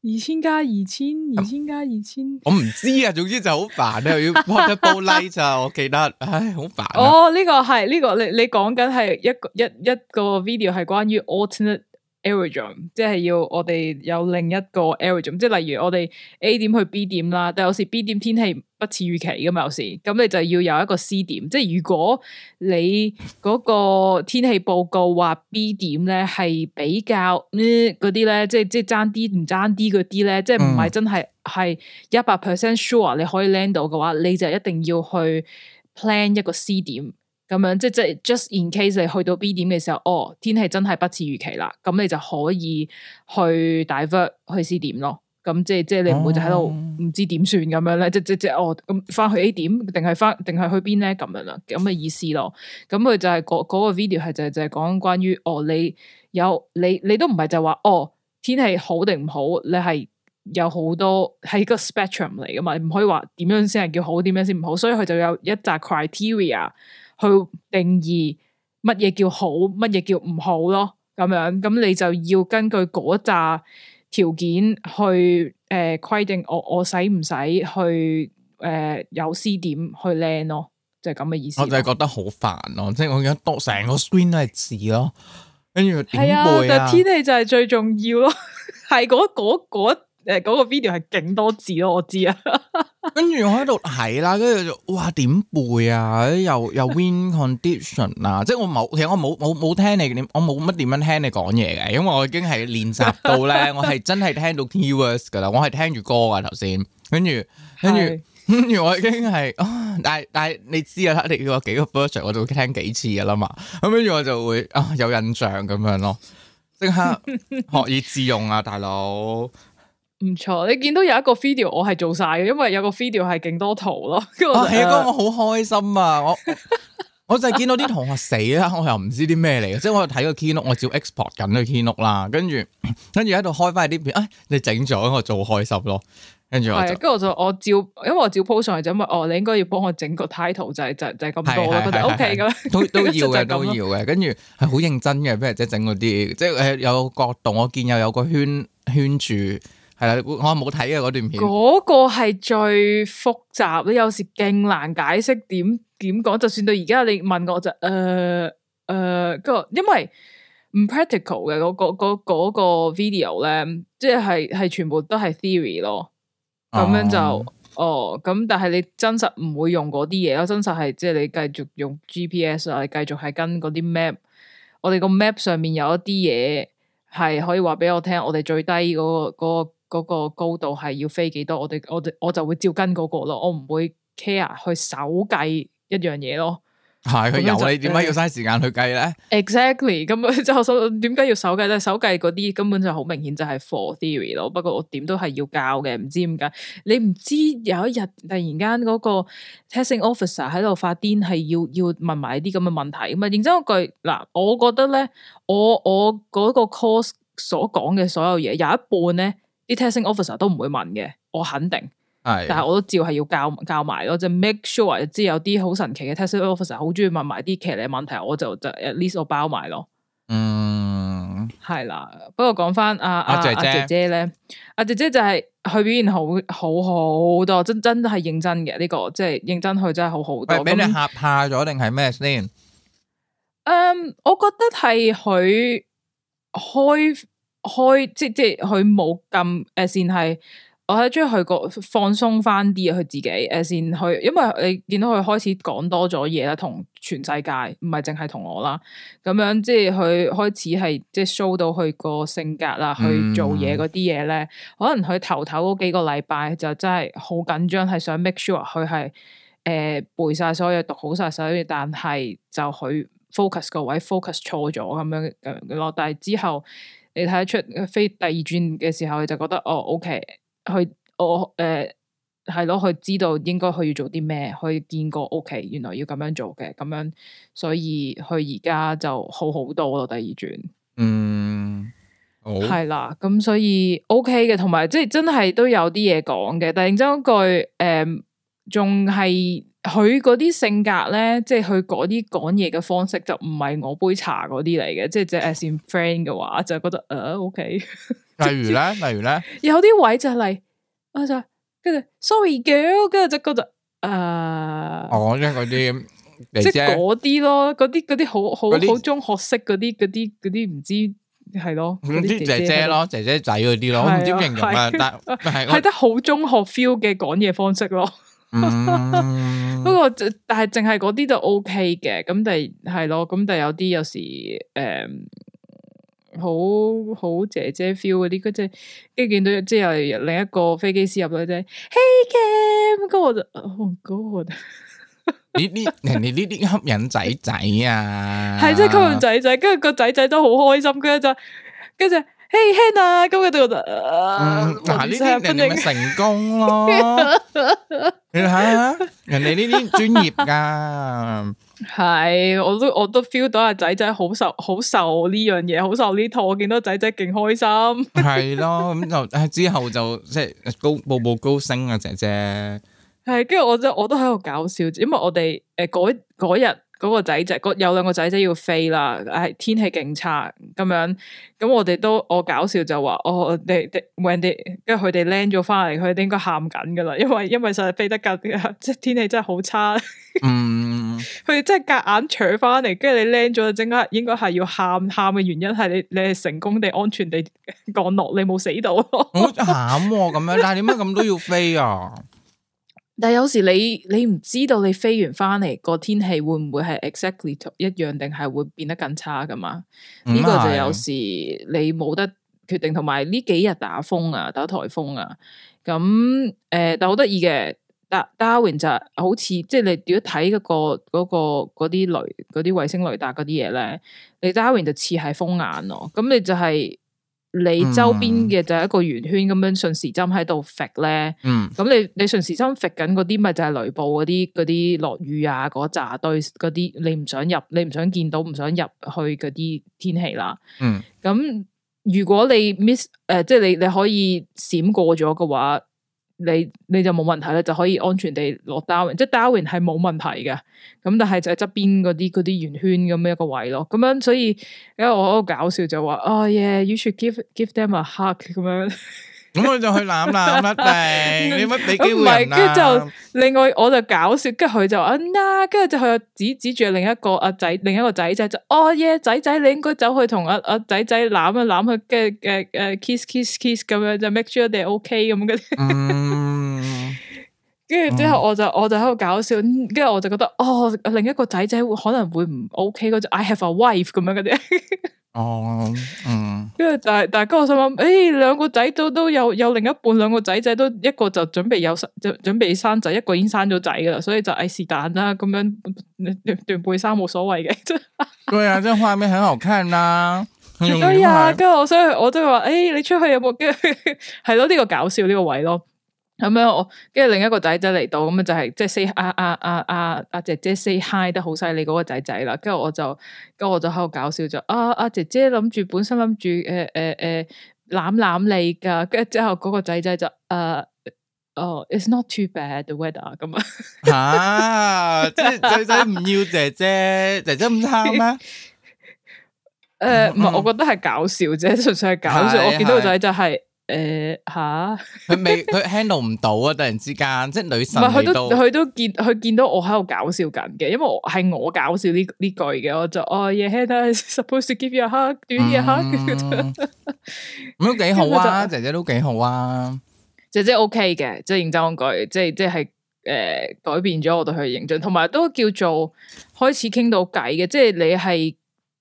二千加二千，二千加二千，我唔知啊。總之就好煩， [noise] 你又要 watch 多 like 咋？啊，我記得， [laughs] 唉，好煩、啊。哦，呢、這個係呢、這個、個，你你講緊係一個一一個 video 係關於 alternate。average 即係要我哋有另一個 average 即係例如我哋 A 點去 B 點啦，但有時 B 點天氣不似預期噶嘛，有時咁你就要有一個 C 點。即係如果你嗰個天氣報告話 B 點咧係比較嗰啲咧，即係即係爭啲唔爭啲嗰啲咧，即係唔係真係係一百 percent sure 你可以 land 到嘅話，你就一定要去 plan 一個 C 點。咁樣即即 just in case 你去到 B 點嘅時候，哦天氣真係不似預期啦，咁你就可以去 divert 去 C 點咯。咁即即你唔會就喺度唔知點算咁樣咧？即即即哦咁返去 A 點，定係返定係去邊咧？咁樣啦，咁嘅意思咯。咁佢就係嗰嗰個 video 係就係、就係、就係、講關於哦你有你你都唔係就話哦天氣好定唔好，你係有好多係一個 spectrum 嚟噶嘛，你唔可以話點樣先係叫好，點樣先唔好。所以佢就有一紮 criteria。去定義乜嘢叫好，乜嘢叫唔好咯，咁樣。咁你就要根據嗰紮條件去誒規定我我使唔使去誒有私點去 learn 咯，就係咁嘅意思。我就覺得好煩咯，即係我而家度成個 screen 都係字咯，跟住點背啊？但天氣就係最重要咯，係嗰嗰嗰。誒，嗰個 video 係勁多字咯，我知啊。 [laughs] 跟住我喺度睇啦，跟住就哇點背啊！又又 win condition 啊，即係我冇，其實我冇冇冇聽你點，我冇乜點樣聽你講嘢嘅，因為我已經係練習到咧， [laughs] 我係真係聽到 key words 噶啦，我係聽住歌噶頭先，跟住跟住是跟住我已經係、哦、但係但係你知啊，你嗰幾個 version 我就會聽幾次噶啦嘛，咁跟住我就會啊、哦、有印象咁樣咯，即刻學以致用啊，大佬！ [laughs] 唔錯，你見到有一個 video，我係做晒嘅，因為有個 video 係勁多圖咯。啊，喜哥，我好開心啊！我 [laughs] 我就係見到啲同學死啦，我又唔知啲咩嚟嘅，即係我睇個 keynote，我照 export 緊個 keynote 啦，跟住跟住喺度開翻啲片啊、哎，你整咗我做開心咯，跟住係，跟住我就，我，就我照，因為我照 post 上嚟就咁啊，哦，你應該要幫我整個 title 就係、係、就就係、咁多，的我覺得 O K 噶啦，都都要嘅，都要嘅，跟住係好認真嘅，譬如整嗰啲，即係有個角度，我見又有個圈圈住。係啊，我冇睇嘅嗰段片。嗰個係最複雜，你有時勁難解釋點點講。就算到而家你問我，我就誒誒、呃呃那個，因為唔 practical 嘅嗰個、嗰個嗰個 video 咧，即係係全部都係 theory 咯。咁樣就、oh. 哦，咁但係你真實唔會用嗰啲嘢咯。真實係即係你繼續用 GPS 啊，你繼續係跟嗰啲 map。我哋個 map 上面有一啲嘢係可以話俾我聽，我哋最低嗰個、嗰個。嗰個嗰個高度係要飛幾多？我哋我哋我就會照跟嗰個咯，我唔會 care 去手計一、啊、樣嘢咯。係佢、啊、你點解要嘥時間去計咧？Exactly 咁啊！就點解要手計咧？手計嗰啲根本就好明顯就係 for theory 咯。不過我點都係要教嘅，唔知點解你唔知有一日突然間嗰個 testing officer 喺度發癲，係要要問埋啲咁嘅問題咁啊！認真一句嗱，我覺得咧，我我嗰個 course 所講嘅所有嘢有一半咧。啲 testing officer 都唔會問嘅，我肯定，係的，但係我都照係要教教埋咯，即係、make sure 知有啲好神奇嘅 testing officer 好中意問埋啲騎呢嘅問題，我就就 at least 我包埋咯。嗯，係啦，不過講翻阿阿阿姐姐咧，阿姐姐，、啊、姐姐就係、是、佢表現好好好，好多，真真係認真嘅呢、這個，即係認真佢，真係好好多。俾喂那你吓怕咗定係咩先？嗯，我覺得係佢開。開即即佢冇咁誒，先係、呃、我係中意佢個放鬆翻啲啊，佢自己誒，先、呃、去，因為你見到佢開始講多咗嘢啦，同全世界唔係淨係同我啦，咁樣即係佢開始係即 show 到佢個性格啦，去做嘢嗰啲嘢咧，嗯、可能佢頭頭嗰幾個禮拜就真係好緊張，係想 make sure 佢係誒背晒所有，讀好晒所有，但係就佢 focus 個位 focus 錯咗咁樣，但係之後。你睇得出飛第二轉嘅時候，就覺得哦，OK，佢我誒係咯，佢、呃、知道應該佢要做啲咩，佢見過 OK，原來要咁樣做嘅，咁樣所以佢而家就好好多咯。第二轉，嗯、係、哦、啦，咁所以 OK 嘅，同埋即係真係都有啲嘢講嘅，突然真嗰句誒，仲、嗯、係。佢嗰啲性格咧，即係佢嗰啲講嘢嘅方式就唔係我杯茶嗰啲嚟嘅，即係即係 as in friend 嘅話就覺得誒，ok。例如咧，例如咧，有啲位就嚟我就跟住，sorry girl，跟住就覺得誒，哦，即係嗰啲，即係嗰啲咯，嗰啲嗰啲好好好中學式嗰啲嗰啲嗰啲唔知係咯，唔知姐姐咯，姐姐仔嗰啲咯，唔知形容啊，但係係得好中學 feel 嘅講嘢方式咯。不 [laughs] 過，OK，但係淨係嗰啲就 O K 嘅，咁就係咯，咁就有啲有時誒、好、嗯、好姐姐 feel 嗰啲，跟住跟住見到即係另一個飛機師入咗啫，Hey Game，咁我就，好唔高。呢 [laughs] 啲人，你呢啲吸引仔仔啊，係即係吸引仔仔，跟住個仔仔都好開心，跟住就，跟住。嘿，Hanna 啊，咁佢就，嗯，嗱呢啲人哋咪成功咯，你睇下，人哋呢啲專業噶，係，我都我都 feel 到阿仔仔好受好受呢樣嘢，好受呢套，我見到仔仔勁開心，係咯，咁就誒之後就即係高步步高升啊，姐姐，係，跟住我就我都喺度搞笑，因為我哋誒嗰嗰日。嗰個仔仔，嗰有兩個仔仔要飛啦，係天氣勁差咁樣，咁我哋都我搞笑就話，我哋哋跟住佢哋 land 咗翻嚟，佢哋應該喊緊噶啦，因爲因為實係飛得近啊，即係天氣真係好差。嗯，佢 [laughs] 真係夾硬坐翻嚟，跟住你 land 咗，即刻應該係要喊喊嘅原因係你你係成功地安全地降落，你冇死到，好慘咁樣，但係點解咁都要飛啊？ [laughs] 但係有時你你唔知道你飛完翻嚟個天氣會唔會係 exactly 一樣，定係會變得更差噶嘛？呢是個就有時你冇得決定，同埋呢幾日打風啊，打台風啊，咁、嗯、誒，但好得意嘅，打 Darwin 就好似即係你如果睇嗰個嗰個嗰啲雷嗰啲衛星雷達嗰啲嘢咧，你 Darwin 就似係風眼咯，咁你就係、是。你周邊嘅就係一個圓圈咁樣順時針喺度揈咧，咁、嗯、你你順時針揈緊嗰啲咪就係雷暴嗰啲嗰啲落雨啊嗰紮堆嗰啲，你唔想入你唔想見到唔想入去嗰啲天氣啦，咁、嗯、如果你 miss 誒、呃、即係你你可以閃過咗嘅話。你你就冇問題啦，就可以安全地落 Darwin 即係 Darwin 係冇問題嘅。咁但係就係側邊嗰啲啲圓圈咁樣一個位咯。咁樣所以，因為我好搞笑就話：哦、oh, 耶、yeah, you should give give them a hug 咁樣。 [laughs] 咁佢就去攬啦，一你乜你機會唔攬？唔係， [noise] 跟住就另外我就搞笑，跟住佢就啊，跟住就佢指指住另一個阿仔，另一個仔仔就哦耶，仔仔你應該走去同阿阿仔仔攬一攬佢，跟住誒誒 kiss kiss kiss 咁樣就 make sure 哋 ok 咁嘅。跟住之後我就、mm. 後我就喺度搞笑，跟、嗯、住我就覺得哦，oh, 另一個仔仔會可能會唔 ok 嗰隻，I have a wife 咁樣嗰啲。curios ities 哦，嗯、oh, um.，跟住大大家我想諗，誒、哎，兩個仔都都有都有另一半，兩個仔仔都一個就準備有生，準備生仔，一個已經生咗仔噶啦，所以就係是但啦，咁樣斷斷背生冇所謂嘅。 [laughs] 對啊，呢個畫面很好看啦，對啊，跟住、哎、我所以我都話，誒、哎，你出去有冇？係咯，呢個搞笑呢、呢個位咯。咁樣我跟住另一個仔仔嚟到，咁啊就係、是、即係 say 啊啊啊啊阿姐姐 say hi 得好犀利嗰個仔仔啦，跟住我就跟我就喺度搞笑咗，啊阿、啊、姐姐諗住本身諗住誒誒誒攬攬你噶，跟住之後嗰個仔仔就誒、啊、哦，it's not too bad the weather 咁 [laughs] 啊，即啊，仔仔唔要姐姐，姐姐唔喊咩？誒、呃，唔係，嗯、我覺得係搞笑啫，純粹係搞笑。是是我見到個仔就係、是。誒吓，佢未佢 handle 唔到啊！突然之間，即係女神，佢都佢都見佢見到我喺度搞笑緊嘅，因為我係我搞笑呢呢句嘅，我就哦 yeah supposed to give you a hug，give you a hug，咁都幾好啊！ [laughs] 姐姐都幾好啊！姐姐 OK 嘅，即係認真句，即係即係誒改變咗我對佢嘅形象，同埋都叫做開始傾到偈嘅，即係你係。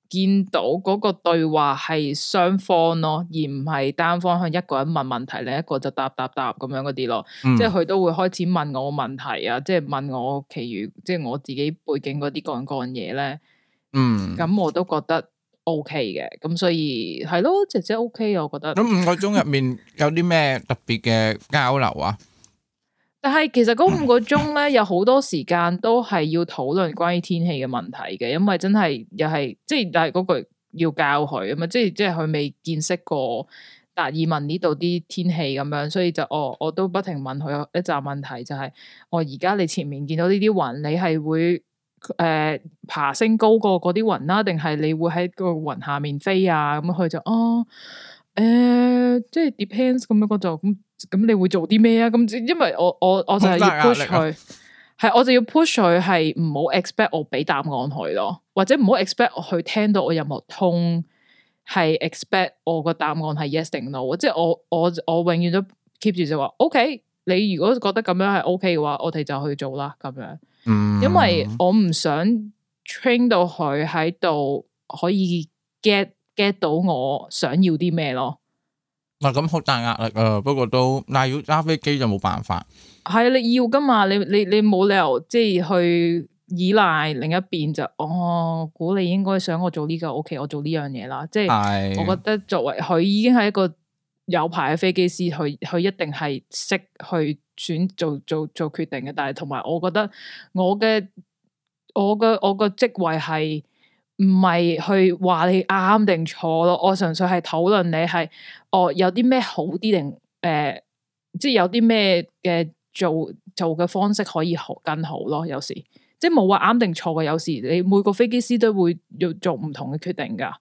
見到嗰個對話係雙方咯，而唔係單方向一個人問問題，另一個就答答答咁樣嗰啲咯。嗯、即係佢都會開始問我問題啊，即係問我其餘即係我自己背景嗰啲幹幹嘢咧。嗯，咁我都覺得 OK 嘅。咁所以係咯，姐姐 OK，我覺得。咁五個鐘入面 [laughs] 有啲咩特別嘅交流啊？但係其實嗰五個鐘咧，有好多時間都係要討論關於天氣嘅問題嘅，因為真係又係即係，但係嗰句要教佢啊嘛，即係即係佢未見識過達爾文呢度啲天氣咁樣，所以就哦，我都不停問佢一集問題，就係我而家你前面見到呢啲雲，你係會誒、呃、爬升高過嗰啲雲啦，定係你會喺個雲下面飛啊？咁、嗯、佢就哦，誒、呃，即係 depends 咁樣嗰就咁。咁你會做啲咩啊？咁因為我我我就係要 push 佢、啊，係我就要 push 佢係唔好 expect 我俾答案佢咯，或者唔好 expect 我去聽到我任何 tone。o e 係 expect 我個答案係 yes 定 no，即係我我我永遠都 keep 住就話，OK，你如果覺得咁樣係 OK 嘅話，我哋就去做啦，咁樣，嗯、因為我唔想 train 到佢喺度可以 get get 到我想要啲咩咯。嗱，咁好大壓力啊，不過都，但係要揸飛機就冇辦法。係啊，你要㗎嘛？你你你冇理由即係去依賴另一邊就，哦，估你應該想我做呢個，OK，我做呢樣嘢啦。即係，係，我覺得作為佢已經係一個有牌嘅飛機師，佢佢一定係識去選做做做做決定嘅。但係同埋，我覺得我嘅我嘅我嘅職位係唔係去話你啱定錯咯，我純粹係討論你係，我、哦、有啲咩好啲定，誒、呃，即係有啲咩嘅做做嘅方式可以好更好咯。有時即係冇話啱定錯嘅，有時你每個飛機師都會要做唔同嘅決定噶。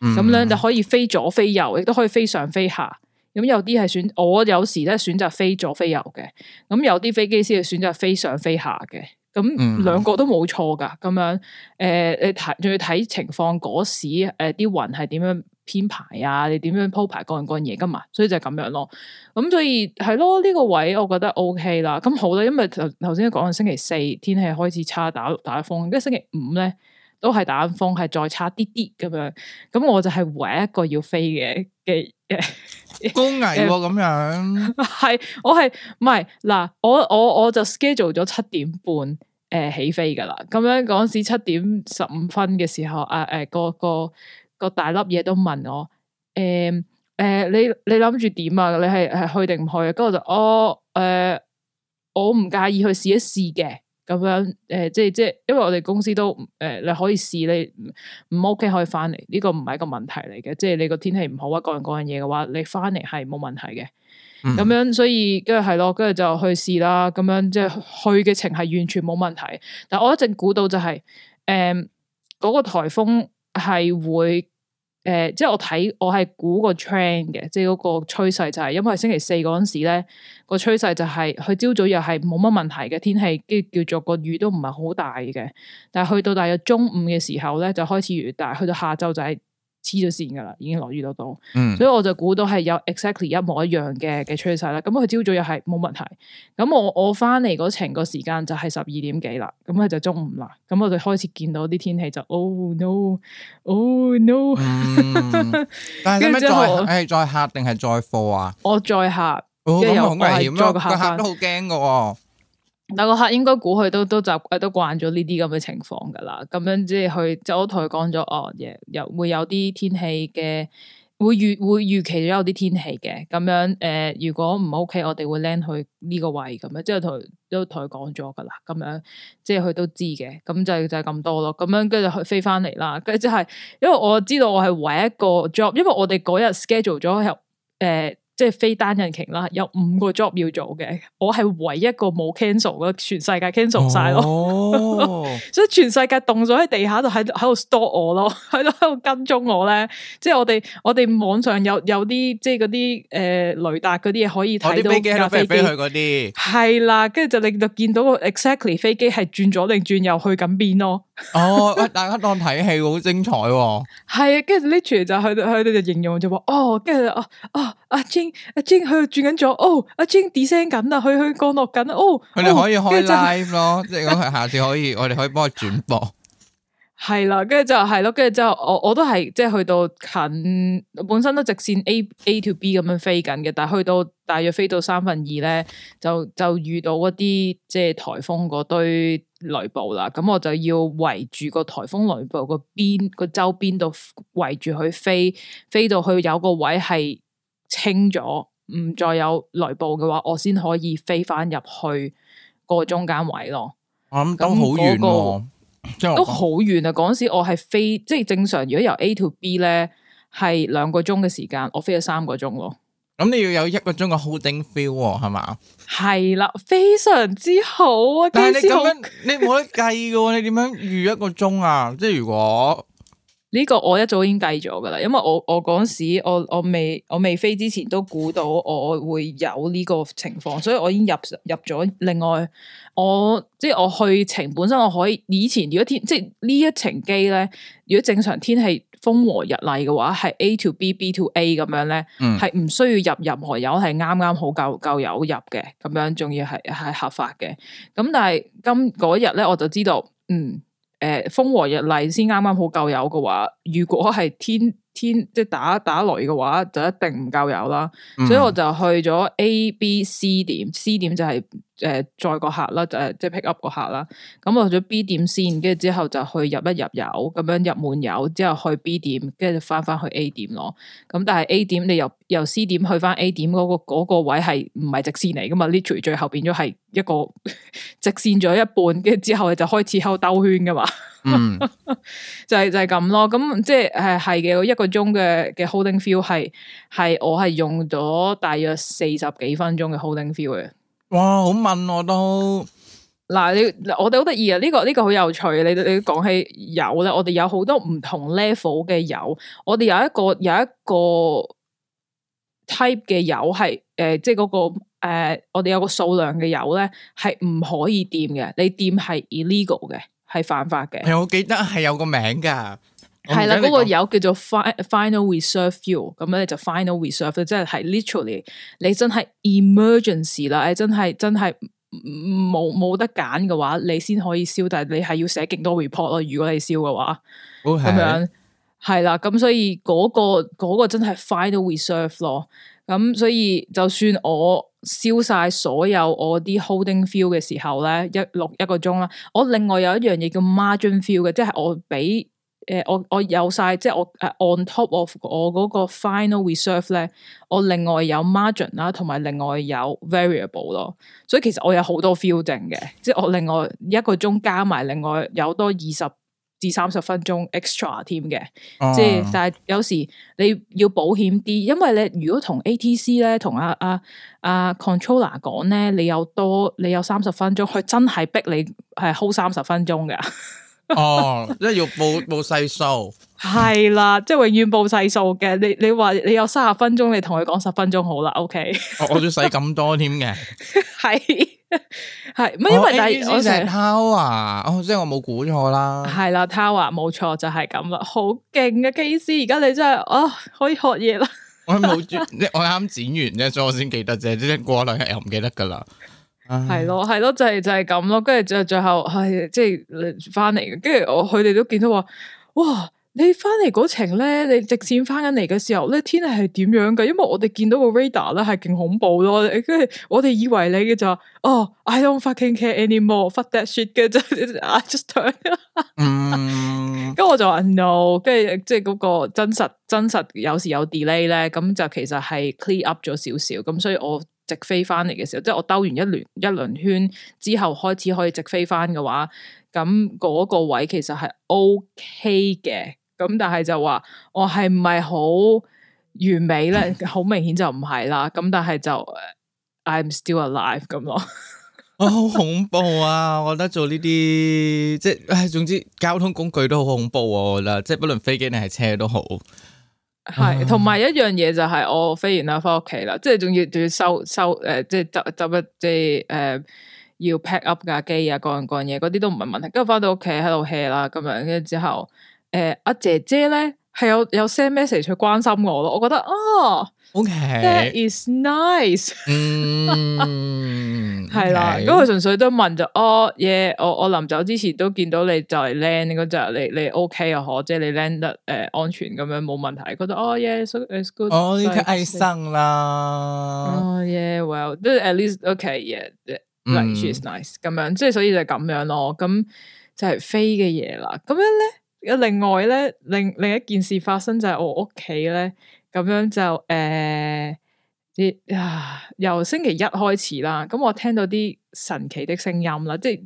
咁樣、嗯、就可以飛左飛右，亦都可以飛上飛下。咁有啲係選，我有時咧選擇飛左飛右嘅，咁有啲飛機師係選擇飛上飛下嘅。咁、嗯、兩個都冇錯噶，咁樣誒，你睇仲要睇情況嗰時，啲、呃、雲係點樣編排啊？你點樣鋪排各樣各樣嘢噶嘛？所以就係咁樣咯。咁、嗯、所以係咯，呢、呢個位我覺得 OK 啦。咁好啦，因為頭頭先講緊星期四天氣開始差打打風，跟住星期五咧，都係打風，係再差啲啲咁樣，咁我就係唯一一個要飛嘅嘅嘅高危咁樣。係我係唔係嗱？我我我，我就 schedule 咗七點半誒、呃、起飛噶啦。咁樣嗰時七點十五分嘅時候啊誒、呃，個個個，個大粒嘢都問我誒誒、呃呃，你你諗住點啊？你係係去定唔去？跟住我就、哦呃、我誒我唔介意去試一試嘅。咁樣誒、呃，即係即係，因為我哋公司都誒、呃，你可以試你唔 OK 可以翻嚟，呢、這個唔係一個問題嚟嘅，即係你個天氣唔好啊，各樣各樣嘢嘅話，你翻嚟係冇問題嘅。咁、嗯、樣所以，跟住係咯，跟住就去試啦。咁樣即係去嘅程係完全冇問題，但我一直估到就係、是，誒、呃，嗰、那個颱風係會。誒、呃，即係我睇，我係估個 trend 嘅，即係嗰個趨勢就係、是，因為星期四嗰陣時咧，個趨勢就係佢朝早又係冇乜問題嘅天氣，跟住叫做個雨都唔係好大嘅，但係去到大約中午嘅時候咧，就開始越大，去到下晝就係、是。黐咗線噶啦，已經落雨多多，嗯、所以我就估到係有 exactly 一模一樣嘅嘅趨勢啦。咁佢朝早又係冇問題，咁我我翻嚟嗰程個時間就係十二點幾啦，咁佢就中午啦，咁我就開始見到啲天氣就 oh no oh no，但係點解再係載 [laughs] 客定係載貨啊？我載客，即係，咁好危險，個客都好驚嘅。嗱，個客應該估佢都都習都慣咗呢啲咁嘅情況噶啦，咁樣即係去，即係我同佢講咗，哦，嘢又會有啲天氣嘅，會預會預期咗有啲天氣嘅，咁樣誒、呃，如果唔 OK，我哋會 land 去呢個位咁樣，即係同都同佢講咗噶啦，咁樣即係佢都知嘅，咁就就係咁多咯，咁樣跟住佢飛翻嚟啦，跟住即係因為我知道我係唯一一個 job，因為我哋嗰日 schedule 咗入誒。呃即係非單人擎啦，有五個 job 要做嘅，我係唯一個冇 cancel 嘅，全世界 cancel 晒咯，所以全世界凍咗喺地下度，喺喺度 store 我咯，喺度喺度跟蹤我咧。即係我哋我哋網上有有啲即係嗰啲誒雷達嗰啲嘢可以睇到，我啲飛機飛去嗰啲，係啦，跟住就令到見到個 exactly 飛機係轉左定轉右去緊邊咯。哦，大家當睇戲好精彩喎，係啊，跟住 l i 就去到就佢佢哋就形容就話哦，跟住哦哦。阿 Jane 阿 Jane 佢轉緊咗。哦，阿 Jane 低聲緊啦，佢佢降落緊哦。哦，佢哋可以開 live 咯， [laughs] 即係我下次可以， [laughs] 我哋可以幫佢轉播。係啦，跟住就係咯，跟住就我我都係即係去到近，本身都直線 A A to B 咁樣飛緊嘅，但係去到大約飛到三分二咧，就就遇到一啲即係颱風嗰堆雷暴啦，咁我就要圍住個颱風雷暴個邊個周邊度圍住佢飛，飛到去有個位係。清咗唔再有雷暴嘅話，我先可以飛翻入去個中間位咯。我諗都好遠，都好遠啊！嗰時我係飛，即係正常。如果由 A 到 B 咧，係兩個鐘嘅時間，我飛咗三個鐘咯。咁你要有一個鐘嘅 holding feel 係、哦、嘛？係啦，非常之好、啊。但係你咁樣， [laughs] 你冇得計噶，你點樣預一個鐘啊？即係如果。呢個我一早已經計咗噶啦，因為我我嗰時我我未我未飛之前都估到我會有呢個情況，所以我已經入入咗。另外我即係我去程本身我可以以前如果天即係呢一程機咧，如果正常天氣風和日麗嘅話，係 A to B B to A 咁樣咧，係唔、嗯、需要入任何油，係啱啱好夠夠油入嘅，咁樣仲要係係合法嘅。咁但係今嗰日咧，我就知道，嗯。誒，風和日麗先啱啱好夠油嘅話，如果係天天即係打打雷嘅話，就一定唔夠油啦。嗯、所以我就去咗 A、B、C 點，C 點就係、是。誒、呃，載個客啦，誒，即係 pick up 個客啦。咁我去咗 B 點先，跟住之後就去入一入油，咁樣入滿油之後去 B 點，跟住翻翻去 A 點咯。咁但係 A 點你由由 C 點去翻 A 點嗰、那個、那個位係唔係直綫嚟噶嘛？literally 最後變咗係一個直綫咗一半，跟住之後就開始後兜圈噶嘛。嗯、 [laughs] 就係、是、就係咁咯。咁即係誒係嘅，一個鐘嘅嘅 holding feel 係係我係用咗大約四十幾分鐘嘅 holding feel 嘅。哇，好問我都嗱，你我哋好得意啊！呢、呢個呢、呢個好有趣，你你講起油咧，我哋有好多唔同 level 嘅油，我哋有一個有一個 type 嘅油係誒、呃，即係、嗰、嗰個誒、呃，我哋有個數量嘅油咧係唔可以掂嘅，你掂係 illegal 嘅，係犯法嘅。係我記得係有個名噶。係啦，不過有、嗯那個、叫做 final reserve fuel 咁咧，就 final reserve 即係係 literally，你真係 emergency 啦，誒，真係真係冇冇得揀嘅話，你先可以燒，但係你係要寫勁多 report 咯。如果你燒嘅話，咁是的 樣係啦，咁的所以嗰、那個、那個真係 final reserve 咯。咁所以就算我燒晒所有我啲 holding fuel 嘅時候咧，一六一個鐘啦，我另外有一樣嘢叫 margin fuel 嘅，即係我俾。誒我我有晒，即係我誒 on top of 我嗰個 final reserve 咧，我另外有 margin 啦，同埋另外有 variable 咯，所以其實我有好多 fuel 定嘅，即係我另外一個鐘加埋，另外有多二十至三十分鐘 extra 添嘅，即係、嗯、但係有時你要保險啲，因為你如果同 ATC 咧同阿阿阿 controller 講咧，你有多你有三十分鐘，佢真係逼你係 hold 三十分鐘㗎。 [laughs] [laughs] 哦，即係要報報細數，係 [laughs] 啦，即係永遠報細數嘅。你你話你有三十分鐘，你同佢講十分鐘好啦。O K，我都使咁多添嘅，係 [laughs] 係， [laughs] [laughs] 乜因為大師 tower 啊，哦，即係我冇估錯啦，係啦，tower 啊，冇錯就係咁啦，好勁嘅機師，而家你真係哦，可以學嘢啦 [laughs] 。我冇我啱剪完啫，所以我先記得啫，即係過兩日又唔記得噶啦。係咯，係咯、uh huh.，就係、是、就係咁咯。跟住最最後係即係翻嚟嘅。跟住我佢哋都見到話，哇！你翻嚟嗰程咧，你直綫翻緊嚟嘅時候咧，天氣係點樣嘅？因為我哋見到個 radar 咧係勁恐怖咯。跟住我哋以為你嘅就，哦，I don't fucking care anymore。Fuck that shit！嘅就，I just 咁、mm hmm. [laughs] 我就話 no，跟住即係嗰個真實真實有時有 delay 咧，咁就其實係 clear up 咗少少。咁所以我。直飛翻嚟嘅時候，即係我兜完一輪一輪圈之後開始可以直飛翻嘅話，咁嗰個位其實係 OK 嘅，咁但係就話我係唔係好完美咧？好 [laughs] 明顯就唔係啦。咁但係就 I'm still alive 咁咯。哦，好恐怖啊！我覺得做呢啲即係唉、哎，總之交通工具都好恐怖、啊、我覺得，即係不論飛機定係車都好。係，同埋一樣嘢，就係我飛完啦，翻屋企啦，即係仲要仲要收收誒、呃，即係執執一即係誒、呃，要 pack up 架機啊，各樣各樣嘢，嗰啲都唔係問題。跟住翻到屋企喺度 hea 啦，咁樣跟住之後，誒、呃、阿姐姐咧係有有 send message 去關心我咯，我覺得啊。哦 Okay, that is nice。嗯，係啦，咁佢純粹都問就哦，耶，我我臨走之前都見到你就係 land 嗰隻，你你 OK 啊，可即係你 land 得誒安全咁樣冇問題，覺得哦耶，so it's good。哦呢個愛生啦。哦耶，well，都 at least okay，耶，like she's nice 咁樣，即係所以就係咁樣咯。咁就係飛嘅嘢啦。咁樣咧，另外咧，另另一件事發生就係我屋企咧。咁樣就誒、呃，啊，由星期一開始啦，咁我聽到啲神奇的聲音啦，即係、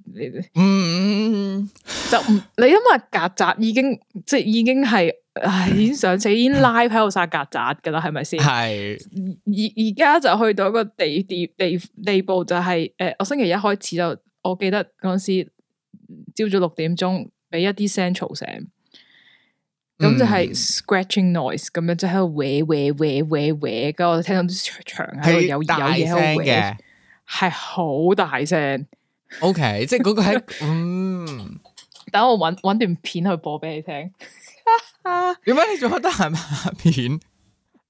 嗯，嗯，嗯就你因為曱甴已經即係已經係，唉，已經上車， [laughs] 已經拉喺度殺曱甴噶啦，係咪先？係而而家就去到一個地地地地步、就是，就係誒，我星期一開始就，我記得嗰時朝早六點鐘俾一啲聲吵醒。咁就係 scratching noise 咁樣就喺度搲搲搲搲搲。咁我聽到啲牆喺度有有嘢喺度搲，係好大聲。捏 o、okay, K，即係嗰個喺， [laughs] 嗯，等我搵搵段片去播俾你聽。點 [laughs] 解你仲得閒拍片？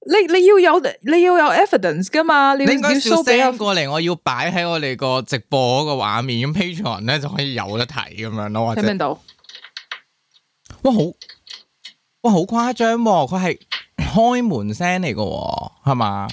你你要有你要有 evidence 噶嘛？你，你應該 show 俾過嚟，要我要擺喺我哋個直播個畫面咁，Patreon 咧就可以有得睇咁樣咯。聽唔聽到？哇，好！好好哇，好誇張！佢係開門聲嚟嘅，係嘛？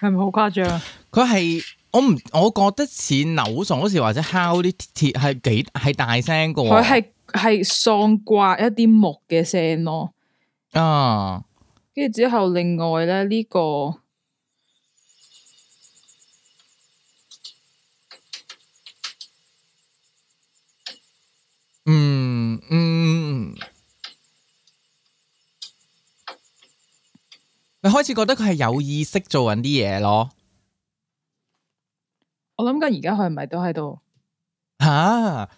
係咪好誇張？佢係我唔，我覺得似扭鎖時或者敲啲鐵，係幾係大聲個、啊。佢係係喪刮一啲木嘅聲咯。啊，跟住之後，另外咧呢、呢個。嗯嗯，你、嗯、開始覺得佢係有意識做緊啲嘢。咯？我諗緊而家佢係咪都喺度？吓、啊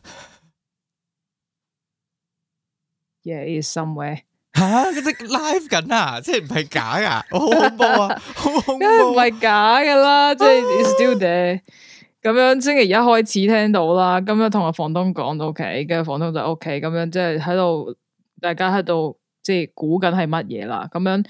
，Yeah, it's somewhere，啊。吓，佢即係 live 緊啊！即係唔係假噶？ [laughs] 好恐怖啊！ [laughs] 好恐怖，唔係假噶啦， [laughs] 即係 still there 咁樣星期一開始聽到啦，咁樣同阿房東講到屋企，跟住房東就屋企。咁樣即係喺度，大家喺度即係估緊係乜嘢啦？咁樣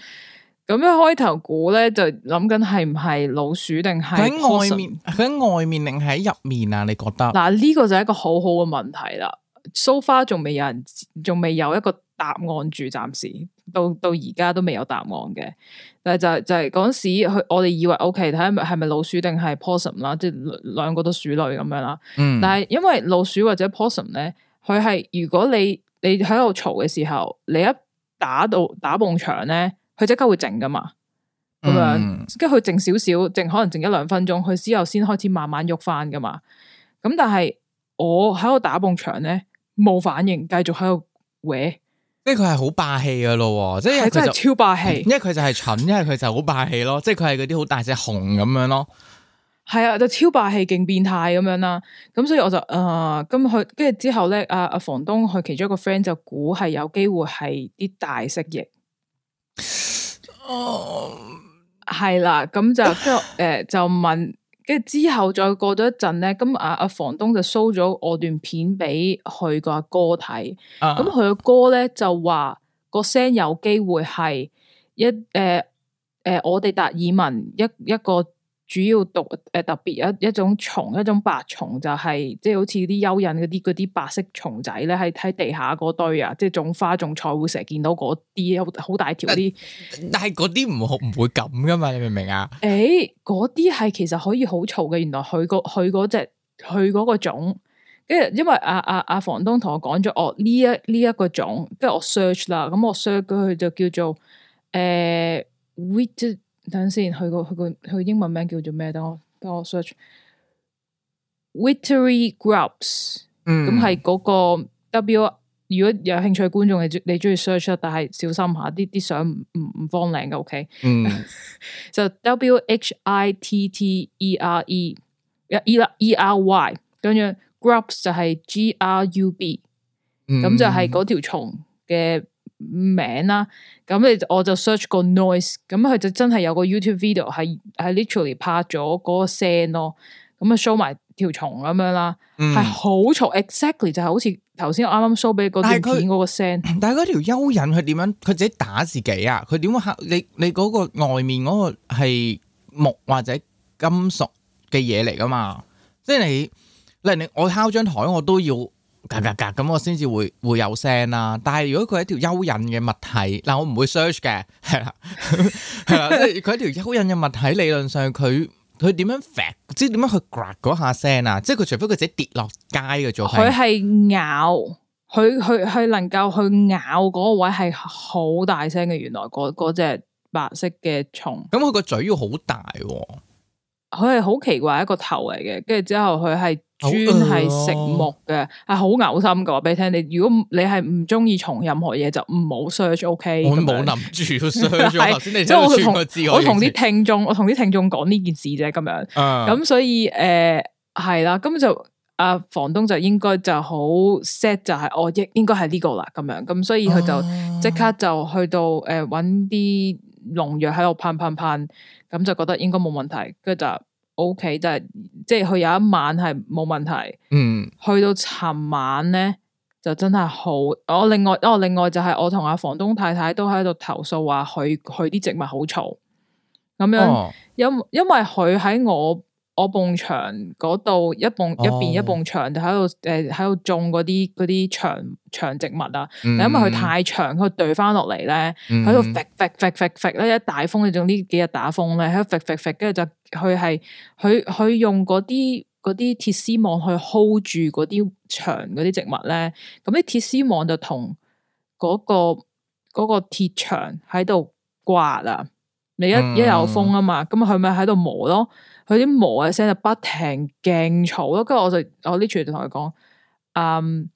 咁樣開頭估咧就諗緊係唔係老鼠定係喺外面，喺外面定係喺入面啊？你覺得？嗱，呢個就係一個好好嘅問題啦，So far，仲未有人仲未有一個。答案住，暫時到到而家都未有答案嘅，但係就係、是、就係嗰陣時，佢我哋以為 O K，睇下係咪老鼠定係 possum 啦，即係兩個都鼠類咁樣啦。嗯。但係因為老鼠或者 possum 咧，佢係如果你你喺度嘈嘅時候，你一打到打埲牆咧，佢即刻會靜噶嘛，咁樣跟住佢靜少少，靜可能靜一兩分鐘，佢之後先開始慢慢喐翻噶嘛。咁但係我喺度打埲牆咧冇反應，繼續喺度搲。即係佢係好霸氣噶咯，即係佢就超霸氣，因為佢就係蠢，因為佢就好霸氣咯，即係佢係嗰啲好大隻熊咁樣咯。係啊，就超霸氣，勁變態咁樣啦。咁所以我就啊，咁佢跟住之後咧，阿阿房東佢其中一個 friend 就估係有機會係啲大蜥蜴。哦，係啦，咁就即係誒，就問。跟住之後再過咗一陣咧，咁阿阿房東就 show 咗我段片俾佢個阿哥睇，咁佢個阿哥咧就話個聲有機會係一誒誒、呃呃，我哋達爾文一一個。主要讀誒、呃、特別一一種蟲一種白蟲就係、是、即係好似啲蚯蚓嗰啲啲白色蟲仔咧係喺地下嗰堆啊，即係種花種菜會成日見到嗰啲好大條嗰啲，但係嗰啲唔唔會咁㗎嘛，你明唔明啊？誒、欸，嗰啲係其實可以好嘈嘅，原來佢個佢嗰隻佢嗰個種，跟住因為阿阿阿房東同我講咗我呢一呢一個種，跟住我 search 啦，咁、嗯、我 search 佢就叫做誒 w i 等陣先，佢個佢個佢英文名叫做咩？等我等我 search，Whitery Grubs。嗯，咁係嗰個 W，如果有興趣觀眾，你你中意 search，但係小心下，啲啲相唔唔方靚嘅，OK。嗯，就 W H I T T E R E E R Y，跟住 Grubs 就係 G R U B，嗯，咁就係嗰條蟲嘅。名啦，咁你我就 search 個 noise，咁佢就真係有個 YouTube video 係係 literally 拍咗嗰個聲咯，咁啊 show 埋條蟲咁樣啦，係好嘈，exactly 就係好似頭先我啱啱 show 俾你嗰段片嗰個聲。但係嗰條蚯蚓佢點樣？佢自己打自己啊？佢點樣？你你嗰個外面嗰個係木或者金屬嘅嘢嚟噶嘛？即係你，例如你我敲張台我都要。嘎嘎嘎！咁、嗯嗯、我先至會會有聲啦、啊。但係如果佢係條蚯蚓嘅物體，嗱我唔會 search 嘅。係啦，係啦，即係佢一條蚯蚓嘅物體理論上，理論上佢佢點樣？唔知點樣去 grab 嗰下聲啊！即係佢除非佢自己跌落街嘅咗。佢係咬，佢佢佢能夠去咬嗰個位係好大聲嘅。原來嗰嗰隻白色嘅蟲，咁佢、嗯、個嘴要好大、喎。佢係好奇怪一個頭嚟嘅，跟住之後佢係專係食木嘅，係好嘔心噶。話俾你聽，你如果你係唔中意蟲任何嘢，就唔好 search。O、okay, K， [laughs] 我冇諗住即係我同跟我同跟啲聽，聽眾，我同啲聽眾講呢件事啫，咁樣。咁、uh, 所以誒係、呃、啦，根就阿、啊、房東就應該就好 set，就係我應應該係呢個啦，咁樣。咁所以佢就即刻就去到誒搵啲。Uh, uh, uh, 農藥喺度噴噴噴，咁就覺得應該冇問題，跟住就 OK，就係即係佢有一晚係冇問題，嗯，去到尋晚咧就真係好，我另外，我、哦、另外就係我同阿房東太太都喺度投訴話佢佢啲植物好嘈，咁樣，哦、因因為佢喺我。我埲牆嗰度一埲一邊一埲牆就喺度誒喺度種嗰啲嗰啲長長植物啊，嗯、因為佢太長，佢墜翻落嚟咧，喺度揈揈揈揈揈咧，一大風，就仲呢幾日打風咧，喺度揈揈揈，跟住就佢係佢佢用嗰啲嗰啲鐵絲網去 hold 住嗰啲牆嗰啲植物咧，咁啲鐵絲網就同嗰、個嗰、個鐵牆喺度刮啦，你一一,一有風啊嘛，咁佢咪喺度磨咯。佢啲毛嘅聲就不停勁嘈咯，跟住我就我 literally 就同佢講，嗯，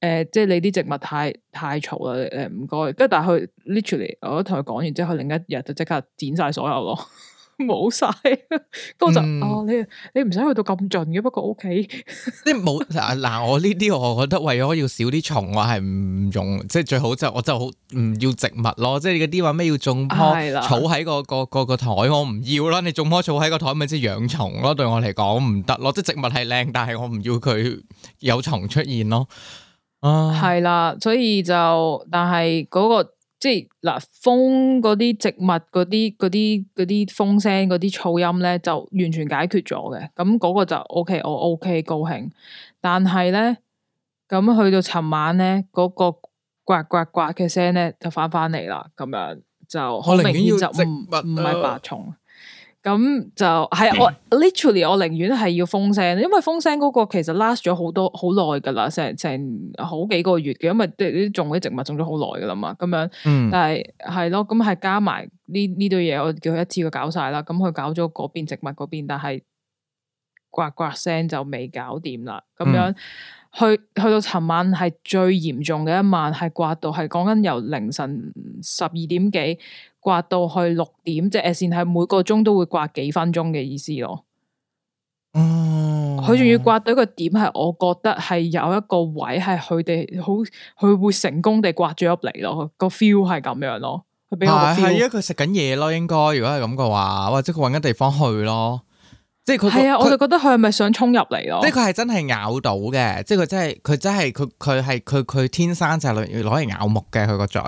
誒，即係你啲植物太太嘈啦，誒，唔該，跟住但係佢 literally 我同佢講完之後，佢另一日就即刻剪晒所有咯。 [laughs] 冇晒，咁我就啊你你唔使去到咁盡嘅，不過 O、OK、K。 [laughs] 即冇嗱嗱，我呢啲我覺得為咗要少啲蟲，我係唔用，即係最好就我就好唔要植物咯。即係嗰啲話咩要種棵草喺，個，係啦草，個，個，個台，我唔要啦。你種棵草喺個台，咪即係養蟲咯。對我嚟講唔得咯。即係植物係靚，但係我唔要佢有蟲出現咯。啊，係啦，所以就但係嗰，個。即係嗱，風嗰啲植物嗰啲嗰啲嗰啲風聲嗰啲噪音咧，就完全解決咗嘅。咁嗰個就 OK，我 OK 高興。但係咧，咁去到尋晚咧，嗰個刮刮刮嘅聲咧，就翻翻嚟啦。咁樣就可能。我寧願要植物唔係白蟲。咁就係我 [noise] literally 我寧願係要風聲，因為風聲嗰個其實 last 咗好多好耐噶啦，成成好幾個月嘅，因為啲種啲植物種咗好耐噶啦嘛，咁樣，嗯、但係係咯，咁係加埋呢呢堆嘢，我叫佢一次佢搞晒啦，咁佢搞咗嗰邊植物嗰邊，但係刮刮聲就未搞掂啦，咁樣、嗯、去去到尋晚係最嚴重嘅一晚，係刮到係講緊由凌晨十二點幾。刮到去六點，即係線係每個鐘都會刮幾分鐘嘅意思咯。嗯，佢仲要刮到一個點，係我覺得係有一個位係佢哋好，佢會成功地刮咗入嚟咯。個 feel 係咁樣咯。係係、啊、因為佢食緊嘢咯，應該如果係咁嘅話，或者佢搵緊地方去咯。即係佢係啊，他我就覺得佢係咪想衝入嚟咯？即係佢係真係咬到嘅，即係佢真係佢真係佢佢係佢佢天生就係攞嚟咬木嘅，佢個嘴。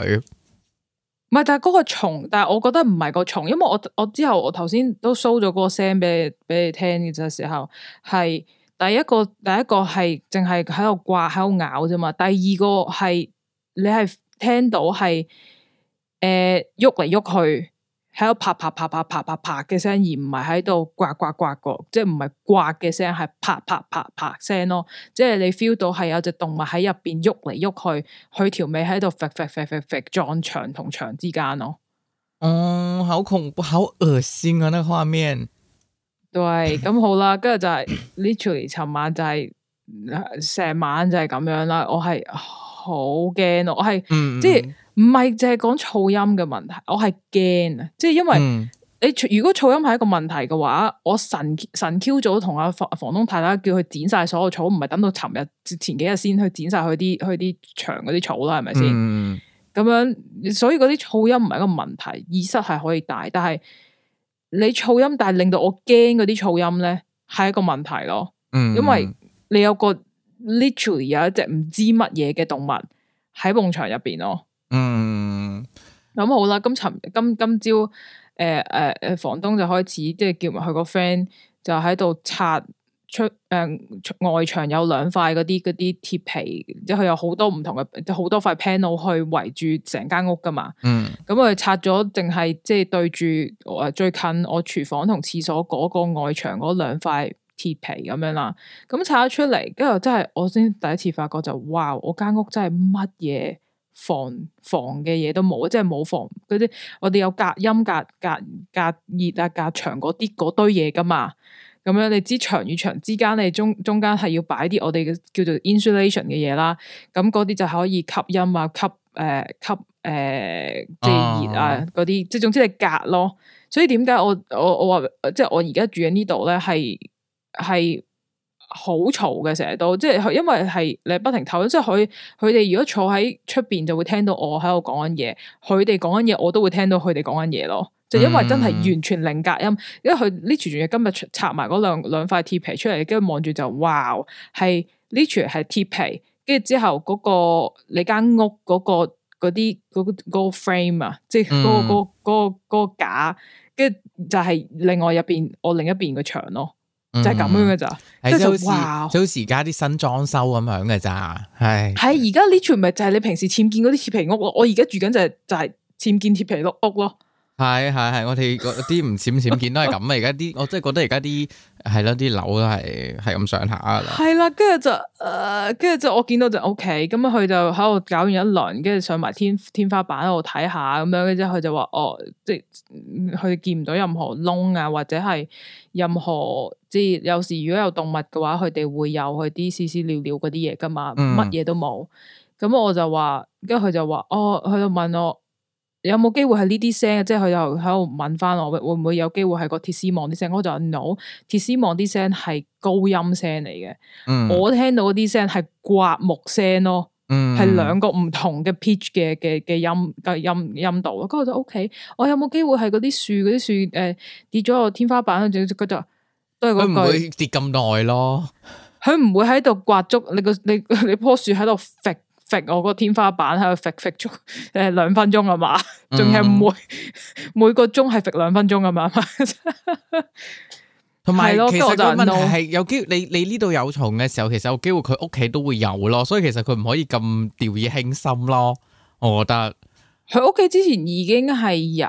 唔係，但係嗰個蟲，但係我覺得唔係個蟲，因為我我之後我頭先都 show 咗個聲俾你俾你聽嘅時候，係第一個第一個係淨係喺度掛喺度咬啫嘛，第二個係你係聽到係誒喐嚟喐去。喺度啪啪啪啪啪啪啪嘅聲，而唔係喺度刮刮刮過，即係唔係刮嘅聲，係啪啪啪啪聲咯。即係你 feel 到係有隻動物喺入邊喐嚟喐去，佢條尾喺度甩甩甩甩甩撞牆同牆之間咯。哦，好恐怖，好惡心啊！呢個畫面。對，咁好啦，跟住就係 literally，尋晚就係成晚就係咁樣啦。我係好驚咯，我係即係。唔係，淨係講噪音嘅問題。我係驚啊，即係因為你、嗯、如果噪音係一個問題嘅話，我神神 Q 咗同阿房房東太太叫佢剪晒所有草，唔係等到尋日前幾日先去剪晒佢啲佢啲長嗰啲草啦，係咪先？咁、嗯、樣所以嗰啲噪音唔係一個問題，耳塞係可以戴，但係你噪音但係令到我驚嗰啲噪音咧係一個問題咯。嗯、因為你有個、嗯、literally 有一隻唔知乜嘢嘅動物喺埲牆入邊咯。嗯，咁好啦。咁尋今今朝，誒誒誒，房東就開始即係叫埋佢個 friend，就喺度拆出誒、呃、外牆有兩塊嗰啲嗰啲鐵皮，即係佢有好多唔同嘅，即好多塊 panel 去圍住成間屋噶嘛。嗯，咁佢拆咗，淨係即係對住誒、呃、最近我廚房同廁所嗰個外牆嗰兩塊鐵皮咁樣啦。咁拆咗出嚟，跟住真係我先第一次發覺就，哇！我間屋真係乜嘢？防防嘅嘢都冇，即係冇防嗰啲，我哋有隔音、隔隔隔熱啊、隔牆嗰啲嗰堆嘢噶嘛。咁樣你知牆與牆之間，你中中間係要擺啲我哋嘅叫做 insulation 嘅嘢啦。咁嗰啲就可以吸音啊、吸誒、呃、吸誒即係熱啊嗰啲，即係、啊啊、總之係隔咯。所以點解我我我話即係我而家住喺呢度咧，係係。好嘈嘅成日都，即係因為係你不停唞，即係佢佢哋如果坐喺出邊就會聽到我喺度講緊嘢，佢哋講緊嘢我都會聽到佢哋講緊嘢咯。嗯、就因為真係完全零隔音，因為佢 l i t h u 仲要今日插埋嗰兩兩塊鐵皮出嚟，跟住望住就哇，係 l i t h u 係鐵皮，跟住之後嗰、那個你間屋嗰、那個嗰啲嗰個 frame 啊、那個，即係嗰個嗰、那個、那個那個架，跟住就係另外入邊我另一邊嘅牆咯。就係咁樣嘅咋，即係、嗯、像哇，好似而家啲新裝修咁樣嘅咋，係係而家呢處咪就係你平時僭建嗰啲鐵皮屋咯，我而家住緊就係、是、就係、是、僭建鐵皮屋屋咯。係係係，我哋啲唔閃閃見都係咁啊！而家啲我真係覺得而家啲係咯，啲樓都係係咁上下啦。係啦，跟住就，跟住就我見到就 OK，咁佢就喺度搞完一輪，跟住上埋天天花板，喺度睇下咁樣，跟住之後佢就話哦，即係佢見唔到任何窿啊，或者係任何即係有時如果有動物嘅話，佢哋會有佢啲屎屎尿尿嗰啲嘢噶嘛，乜嘢都冇。咁我就話，跟住佢就話，哦，佢就問我。有冇機會係呢啲聲？即係佢又喺度問翻我，會唔會有機會係個鐵絲網啲聲？我就 no，鐵絲網啲聲係高音聲嚟嘅。嗯、我聽到嗰啲聲係刮木聲咯，係兩、嗯、個唔同嘅 pitch 嘅嘅嘅音嘅音音度咯。咁我就 O K，我有冇機會係嗰啲樹嗰啲樹誒跌咗落天花板？佢就都係嗰句，唔會跌咁耐咯。佢唔會喺度刮足你個你你,你棵樹喺度揈搵我個天花板喺度搵搵咗誒兩分鐘啊嘛，仲係、嗯、每每個鐘係搵兩分鐘啊嘛，同 [laughs] 埋其實個問題係有機，你你呢度有蟲嘅時候，其實有機會佢屋企都會有咯，所以其實佢唔可以咁掉以輕心咯。我覺得佢屋企之前已經係有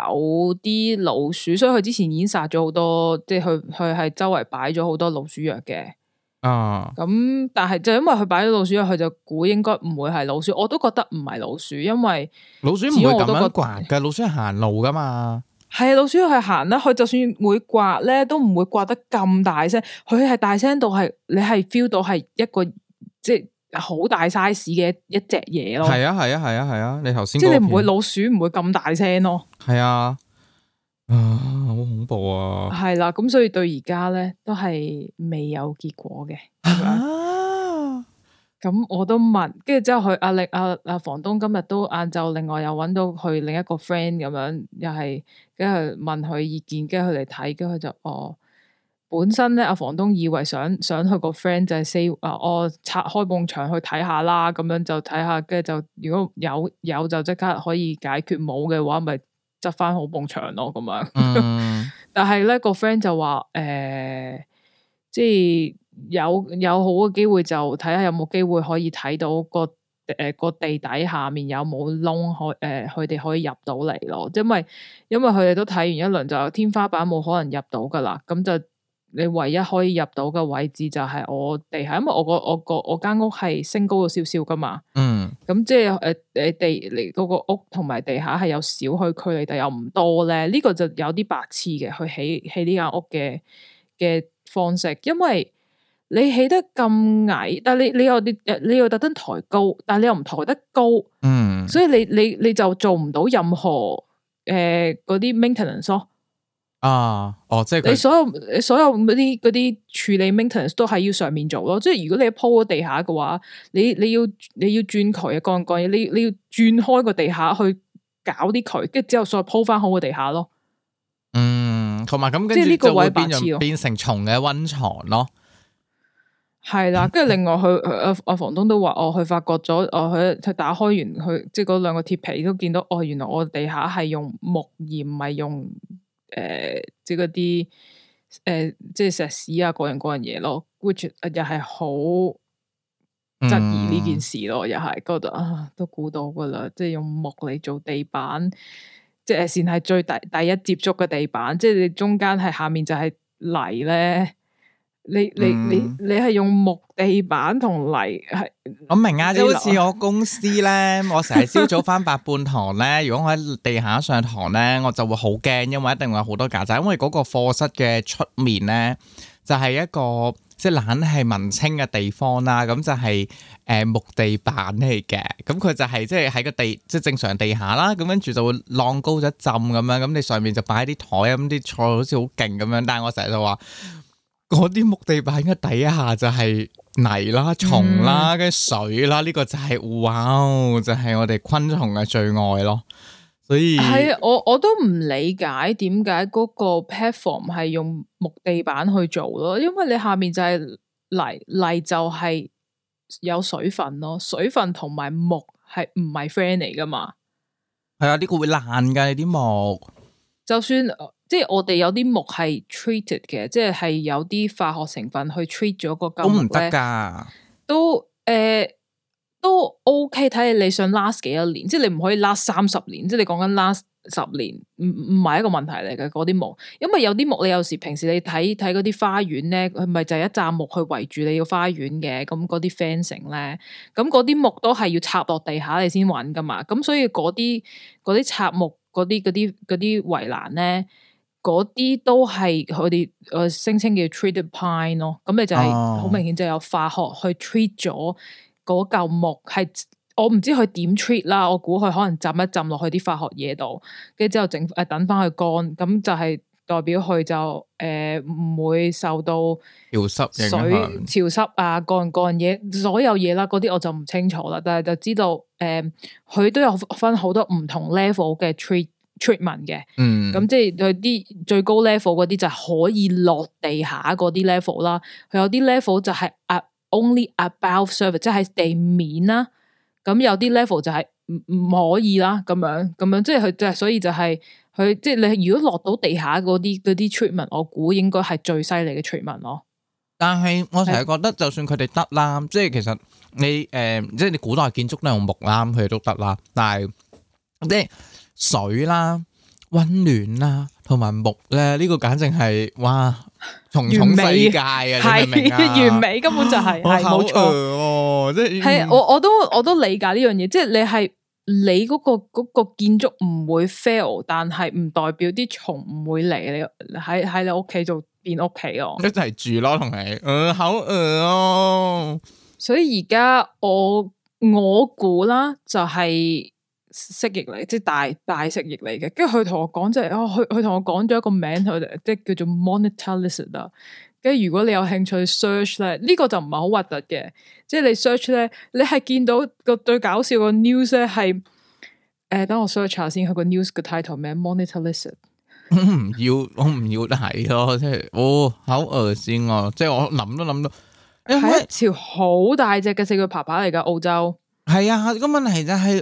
啲老鼠，所以佢之前已經殺咗好多，即係佢佢係周圍擺咗好多老鼠藥嘅。啊，咁、嗯、但係就因為佢擺咗老鼠藥，佢就估應該唔會係老鼠。我都覺得唔係老鼠，因為老鼠唔會咁樣刮嘅。老鼠係行路噶嘛？係啊，老鼠要係行啦。佢就算會刮咧，都唔會刮得咁大聲。佢係大聲到係你係 feel 到係一個即係好大 size 嘅一隻嘢咯。係啊，係啊，係啊，係啊。你頭先即係你唔會老鼠唔會咁大聲咯。係啊。啊，好恐怖啊！係啦，咁所以對而家咧都係未有結果嘅。咁、啊、我都問，跟住之後佢阿力阿阿房東今日都晏晝，另外又揾到佢另一個 friend 咁樣，又係跟住問佢意見，跟住佢嚟睇，跟住就哦，本身咧阿房東以為想想去個 friend 就係 say 啊，我、哦、拆開埲牆去睇下啦，咁樣就睇下，跟住就如果有有就即刻可以解決，冇嘅話咪。執翻好埲牆咯，咁樣。 [laughs] 但係咧個 friend 就話，誒、呃，即係有有好嘅機會就睇下有冇機會可以睇到個誒、呃、個地底下面有冇窿可誒佢哋可以入到嚟咯。因為因為佢哋都睇完一輪就天花板冇可能入到噶啦，咁就。你唯一可以入到嘅位置就係我地下，因為我個我個我間屋係升高咗少少噶嘛，嗯嗯。嗯，咁即係誒誒地嚟嗰、嗰個屋同埋地下係有少許距離，但又唔多咧。呢、呢個就有啲白痴嘅，去起起呢間屋嘅嘅方式，因為你起得咁矮，但你你，你又你又特登抬高，但你又唔抬得高。嗯，所以你你你就做唔到任何誒嗰啲 maintenance 咯。呃啊，哦，即係你所有你所有嗰啲嗰啲處理 maintenance 都係要上面做咯，即係如果你鋪咗地下嘅話，你你要你要轉渠啊，干唔你你要轉開個地下去搞啲渠，跟住之後再鋪翻好個地下咯。嗯，同埋咁，即係呢個位變變成蟲嘅溫床咯。係啦，跟住另外，佢、 [laughs] 啊、房東都話，哦，佢發覺咗，我去佢打開完佢，即係嗰兩個鐵皮都見到，哦，原來我地下係用木而唔係用。誒、呃，即係嗰啲誒，即係石屎啊，各樣各樣嘢咯 which 又係好質疑呢件事咯，嗯、又係覺得啊，都估到噶啦，即係用木嚟做地板，即係先係最大第一接觸嘅地板，即係你中間係下面就係泥咧。你你你你係用木地板同泥係，嗯、我明啊，即好似我公司咧， [laughs] 我成日朝早翻八半堂咧。如果我喺地下上，上堂咧，我就會好驚，因為一定會有好多曱甴。因為嗰個課室嘅出面咧，就係、是、一個即係冷係文青嘅地方啦。咁就係、是、誒、呃、木地板嚟嘅，咁佢就係、是、即係喺個地即係正常地下啦。咁跟住就會晾高咗浸咁樣，咁你上面就擺啲台咁啲菜好似好勁咁樣。但係我成日都話。嗰啲木地板應該底下就係泥啦、蟲啦、跟水啦，呢、嗯、個就係、是、哇、哦，就係、是、我哋昆蟲嘅最愛咯。所以係啊，我我都唔理解點解嗰個 platform 係用木地板去做咯，因為你下面就係泥，泥就係有水分咯，水分同埋木係唔係 friend 嚟噶嘛？係啊，呢、這個會爛噶啲木，就算。即係我哋有啲木係 treated 嘅，即係係有啲化學成分去 treat 咗個金、呃。都唔得噶，都誒都 OK，睇下你想 last 幾多年，即係你唔可以 last 三十年，即係你講緊 last 十年，唔唔係一個問題嚟嘅嗰啲木。因為有啲木你有時平時你睇睇嗰啲花園咧，佢咪就係一紮木去圍住你個花園嘅，咁嗰啲 fencing 咧，咁嗰啲木都係要插落地下你先穩噶嘛。咁所以嗰啲嗰啲插木嗰啲嗰啲嗰啲圍欄咧。嗰啲都係佢哋誒聲稱叫 treated pine 咯，咁你就係好明顯就有化學去 treat 咗嗰嚿木，係我唔知佢點 treat 啦，我估佢可能浸一浸落去啲化學嘢度，跟住之後整誒、呃、等翻佢乾，咁就係代表佢就誒唔、呃、會受到潮濕、水潮濕啊、乾乾嘢、所有嘢啦，嗰啲我就唔清楚啦，但係就知道誒佢、呃、都有分好多唔同 level 嘅 treat。Treatment 嘅，咁、嗯、即係佢啲最高 level 嗰啲就係可以落地下嗰啲 level 啦。佢有啲 level 就係 at only above surface，即係地面啦。咁有啲 level 就係唔唔可以啦。咁樣咁樣，即係佢即係所以就係、是、佢即係你如果落到地下嗰啲 treatment，我估應該係最犀利嘅 treatment 咯。但係我成日覺得，就算佢哋得啦，是即係其實你誒、呃，即係你古代建築都用木啦，佢哋都得啦，但係即係。水啦、温暖啦，同埋木咧，呢、這個簡直係哇，重重世界啊！完美，你明啊？完美，根本就係係冇錯即係是、嗯、我我都我都理解呢樣嘢，即係你係你嗰、那個、那個建築唔會 fail，但係唔代表啲蟲唔會嚟你喺喺你屋企就變屋企哦。一齊住咯，同你，嗯，好啊、呃哦。所以而家我我估啦，就係、是。蜥蜴嚟，即係大大蜥蜴嚟嘅。跟住佢同我講即係，哦，佢佢同我講咗一個名，佢即係叫做 monitor lizard。跟住如果你有興趣 search 咧，呢個就唔係好核突嘅，即係你 search 咧，你係見到個最搞笑個 news 咧係，誒，等我 search 下先，佢個 news 個 title 名 monitor lizard。唔要，我唔要得係咯，即係，哦，好惡先哦，即係，我諗都諗到，係一條好大隻嘅四腳爬爬嚟噶，澳洲。係啊，個問題就係。